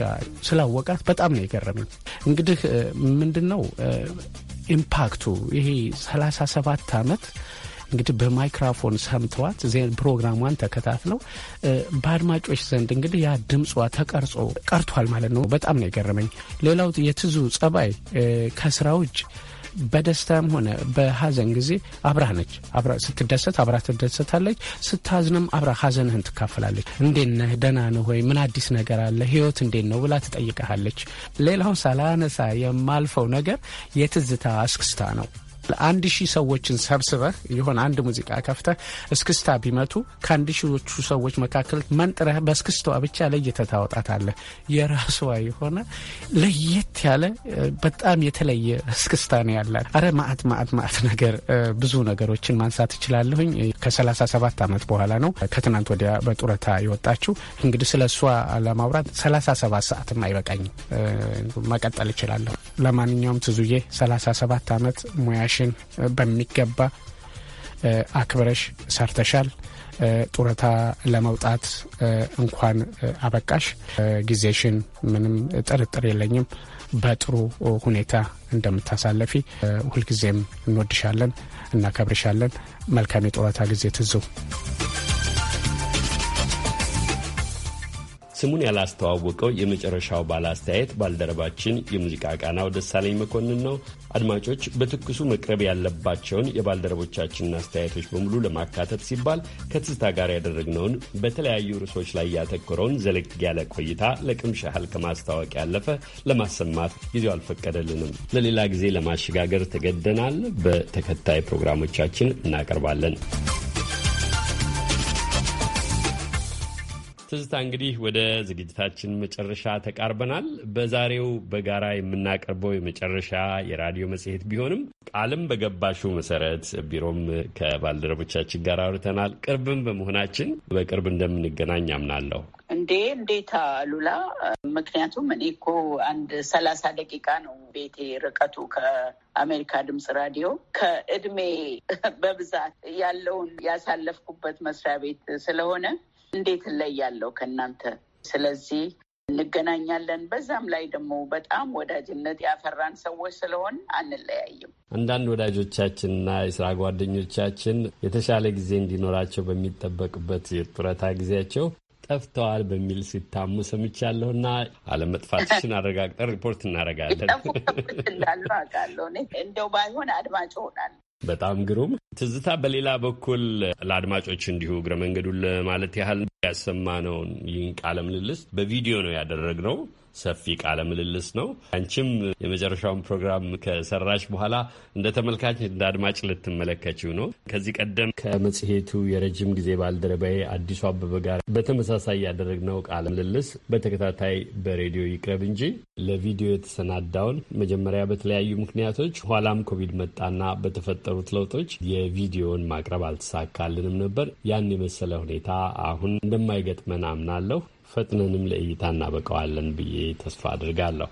ስላወቃት በጣም ነው የገረመኝ። እንግዲህ ምንድን ነው ኢምፓክቱ ይሄ 37 ዓመት እንግዲህ በማይክራፎን ሰምተዋት ፕሮግራሟን ተከታትለው በአድማጮች ዘንድ እንግዲህ ያ ድምጿ ተቀርጾ ቀርቷል ማለት ነው። በጣም ነው የገረመኝ። ሌላው የትዙ ጸባይ ከስራ ውጭ በደስታም ሆነ በሀዘን ጊዜ አብራህ ነች። ስትደሰት አብራ ትደሰታለች፣ ስታዝንም አብራ ሀዘንህን ትካፈላለች። እንዴት ነህ? ደህና ነህ ወይ? ምን አዲስ ነገር አለ? ህይወት እንዴት ነው ብላ ትጠይቀሃለች። ሌላው ሳላነሳ የማልፈው ነገር የትዝታ አስክስታ ነው። ለአንድ ሺህ ሰዎችን ሰብስበህ የሆነ አንድ ሙዚቃ ከፍተህ እስክስታ ቢመቱ ከአንድ ሺዎቹ ሰዎች መካከል መንጥረህ በእስክስታዋ ብቻ ለይተህ ታወጣታለህ። የራሷ የሆነ ለየት ያለ በጣም የተለየ እስክስታ ነው ያላት። አረ ማአት ማአት ማአት ነገር ብዙ ነገሮችን ማንሳት እችላለሁኝ። ከሰላሳ ሰባት ዓመት በኋላ ነው ከትናንት ወዲያ በጡረታ የወጣችው። እንግዲህ ስለ እሷ ለማውራት ሰላሳ ሰባት ሰዓትም አይበቃኝም፣ መቀጠል እችላለሁ። ለማንኛውም ትዙዬ ሰላሳ ሰባት ዓመት ሙያሽ ስራሽን በሚገባ አክብረሽ ሰርተሻል። ጡረታ ለመውጣት እንኳን አበቃሽ። ጊዜሽን ምንም ጥርጥር የለኝም በጥሩ ሁኔታ እንደምታሳለፊ ሁልጊዜም እንወድሻለን፣ እናከብርሻለን። መልካም የጡረታ ጊዜ ትዙ። ስሙን ያላስተዋወቀው የመጨረሻው ባለ አስተያየት ባልደረባችን የሙዚቃ ቃናው ደሳለኝ መኮንን ነው። አድማጮች በትኩሱ መቅረብ ያለባቸውን የባልደረቦቻችንን አስተያየቶች በሙሉ ለማካተት ሲባል ከትዝታ ጋር ያደረግነውን በተለያዩ ርዕሶች ላይ ያተኮረውን ዘለግ ያለ ቆይታ ለቅምሻ ያህል ከማስታወቅ ያለፈ ለማሰማት ጊዜው አልፈቀደልንም። ለሌላ ጊዜ ለማሸጋገር ተገደናል። በተከታይ ፕሮግራሞቻችን እናቀርባለን። ትዝታ እንግዲህ ወደ ዝግጅታችን መጨረሻ ተቃርበናል። በዛሬው በጋራ የምናቀርበው የመጨረሻ የራዲዮ መጽሔት ቢሆንም ቃልም በገባሹ መሰረት ቢሮም ከባልደረቦቻችን ጋር አውርተናል። ቅርብም በመሆናችን በቅርብ እንደምንገናኝ አምናለሁ። እንዴ እንዴታ ሉላ፣ ምክንያቱም እኔ እኮ አንድ ሰላሳ ደቂቃ ነው ቤቴ ርቀቱ ከአሜሪካ ድምፅ ራዲዮ ከእድሜ በብዛት ያለውን ያሳለፍኩበት መስሪያ ቤት ስለሆነ እንዴት እለያለሁ ከእናንተ? ስለዚህ እንገናኛለን። በዛም ላይ ደግሞ በጣም ወዳጅነት ያፈራን ሰዎች ስለሆን አንለያይም። አንዳንድ ወዳጆቻችንና የስራ ጓደኞቻችን የተሻለ ጊዜ እንዲኖራቸው በሚጠበቅበት የጡረታ ጊዜያቸው ጠፍተዋል በሚል ሲታሙ ሰምቻለሁና አለመጥፋትሽን አረጋግጠን ሪፖርት እናደርጋለን። ጠፉ እንደው ባይሆን አድማጭ ሆናል። በጣም ግሩም ትዝታ። በሌላ በኩል ለአድማጮች እንዲሁ እግረ መንገዱን ለማለት ያህል ያሰማነውን ይህን ቃለ ምልልስ በቪዲዮ ነው ያደረግነው። ሰፊ ቃለ ምልልስ ነው። አንቺም የመጨረሻውን ፕሮግራም ከሰራሽ በኋላ እንደ ተመልካች እንደ አድማጭ ልትመለከችው ነው። ከዚህ ቀደም ከመጽሔቱ የረጅም ጊዜ ባልደረባዬ አዲሱ አበበ ጋር በተመሳሳይ ያደረግነው ቃለ ምልልስ በተከታታይ በሬዲዮ ይቅረብ እንጂ ለቪዲዮ የተሰናዳውን መጀመሪያ በተለያዩ ምክንያቶች ኋላም ኮቪድ መጣና በተፈጠሩት ለውጦች የቪዲዮን ማቅረብ አልተሳካልንም ነበር። ያን የመሰለ ሁኔታ አሁን እንደማይገጥመን አምናለሁ። ፈጥነንም ለእይታ እናበቀዋለን ብዬ ተስፋ አድርጋለሁ።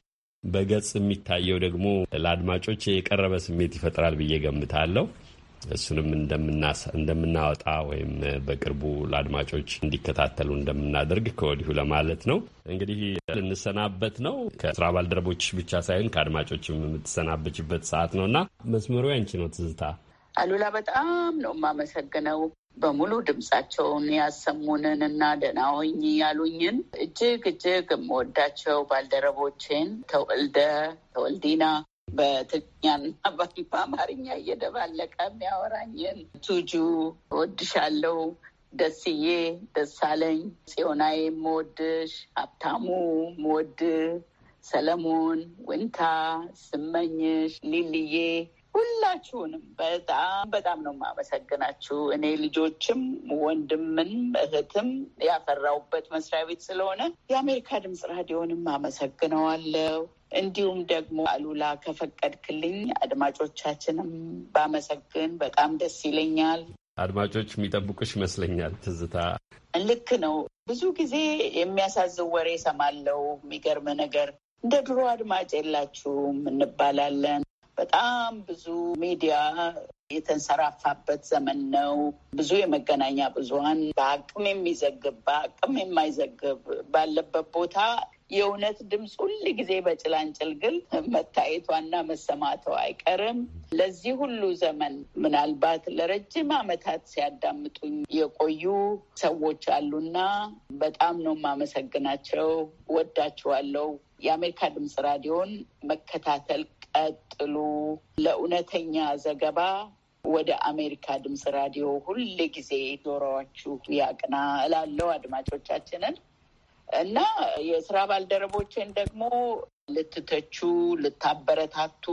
በገጽ የሚታየው ደግሞ ለአድማጮች የቀረበ ስሜት ይፈጥራል ብዬ ገምታለሁ። እሱንም እንደምናወጣ ወይም በቅርቡ ለአድማጮች እንዲከታተሉ እንደምናደርግ ከወዲሁ ለማለት ነው። እንግዲህ ልንሰናበት ነው። ከስራ ባልደረቦች ብቻ ሳይሆን ከአድማጮችም የምትሰናበችበት ሰዓት ነው እና መስመሩ ያንቺ ነው። ትዝታ አሉላ፣ በጣም ነው የማመሰግነው። በሙሉ ድምፃቸውን ያሰሙንን እና ደህና ያሉኝን እጅግ እጅግ የምወዳቸው ባልደረቦቼን ተወልደ ተወልዲና በትግርኛና በአማርኛ እየደባለቀ የሚያወራኝን ቱጁ ወድሻለው፣ ደስዬ፣ ደሳለኝ፣ ጽዮናዬ የምወድሽ፣ ሀብታሙ የምወድህ፣ ሰለሞን፣ ውንታ፣ ስመኝሽ፣ ሊልዬ ሁላችሁንም በጣም በጣም ነው የማመሰግናችሁ። እኔ ልጆችም ወንድምን እህትም ያፈራውበት መስሪያ ቤት ስለሆነ የአሜሪካ ድምፅ ራዲዮንም አመሰግነዋለሁ። እንዲሁም ደግሞ አሉላ ከፈቀድክልኝ አድማጮቻችንም ባመሰግን በጣም ደስ ይለኛል። አድማጮች የሚጠብቁሽ ይመስለኛል። ትዝታ ልክ ነው። ብዙ ጊዜ የሚያሳዝን ወሬ ሰማለው። የሚገርም ነገር እንደ ድሮ አድማጭ የላችሁም እንባላለን። በጣም ብዙ ሚዲያ የተንሰራፋበት ዘመን ነው። ብዙ የመገናኛ ብዙሀን በአቅም የሚዘግብ በአቅም የማይዘግብ ባለበት ቦታ የእውነት ድምፅ ሁል ጊዜ በጭላንጭል ግል መታየቷና መሰማቷ አይቀርም። ለዚህ ሁሉ ዘመን ምናልባት ለረጅም ዓመታት ሲያዳምጡኝ የቆዩ ሰዎች አሉና በጣም ነው የማመሰግናቸው። ወዳችኋለሁ። የአሜሪካ ድምፅ ራዲዮን መከታተል ቀጥሉ። ለእውነተኛ ዘገባ ወደ አሜሪካ ድምፅ ራዲዮ ሁል ጊዜ ጆሮዋችሁ ያቅና እላለው አድማጮቻችንን እና የስራ ባልደረቦችን ደግሞ ልትተቹ፣ ልታበረታቱ፣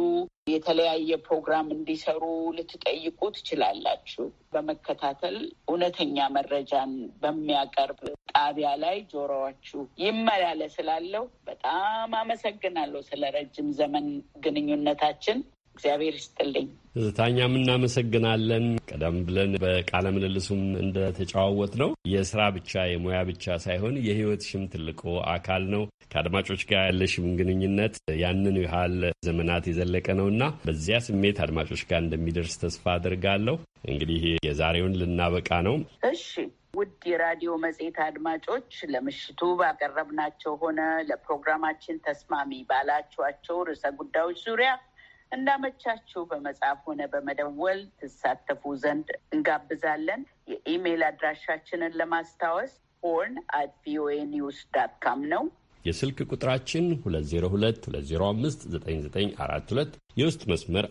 የተለያየ ፕሮግራም እንዲሰሩ ልትጠይቁ ትችላላችሁ። በመከታተል እውነተኛ መረጃን በሚያቀርብ ጣቢያ ላይ ጆሮዋችሁ ይመላለስ እላለሁ። በጣም አመሰግናለሁ ስለ ረጅም ዘመን ግንኙነታችን። እግዚአብሔር ይስጥልኝ። ትዝታኛም እናመሰግናለን። ቀደም ብለን በቃለ ምልልሱም እንደተጫዋወት ነው የስራ ብቻ የሙያ ብቻ ሳይሆን የህይወትሽም ትልቁ አካል ነው። ከአድማጮች ጋር ያለሽም ግንኙነት ያንን ያህል ዘመናት የዘለቀ ነው እና በዚያ ስሜት አድማጮች ጋር እንደሚደርስ ተስፋ አድርጋለሁ። እንግዲህ የዛሬውን ልናበቃ ነው። እሺ ውድ የራዲዮ መጽሔት አድማጮች ለምሽቱ ባቀረብናቸው ሆነ ለፕሮግራማችን ተስማሚ ባላችኋቸው ርዕሰ ጉዳዮች ዙሪያ እንዳመቻችሁ በመጻፍ ሆነ በመደወል ትሳተፉ ዘንድ እንጋብዛለን። የኢሜይል አድራሻችንን ለማስታወስ ሆርን አት ቪኦኤ ኒውስ ዳት ካም ነው። የስልክ ቁጥራችን 2022059942 የውስጥ መስመር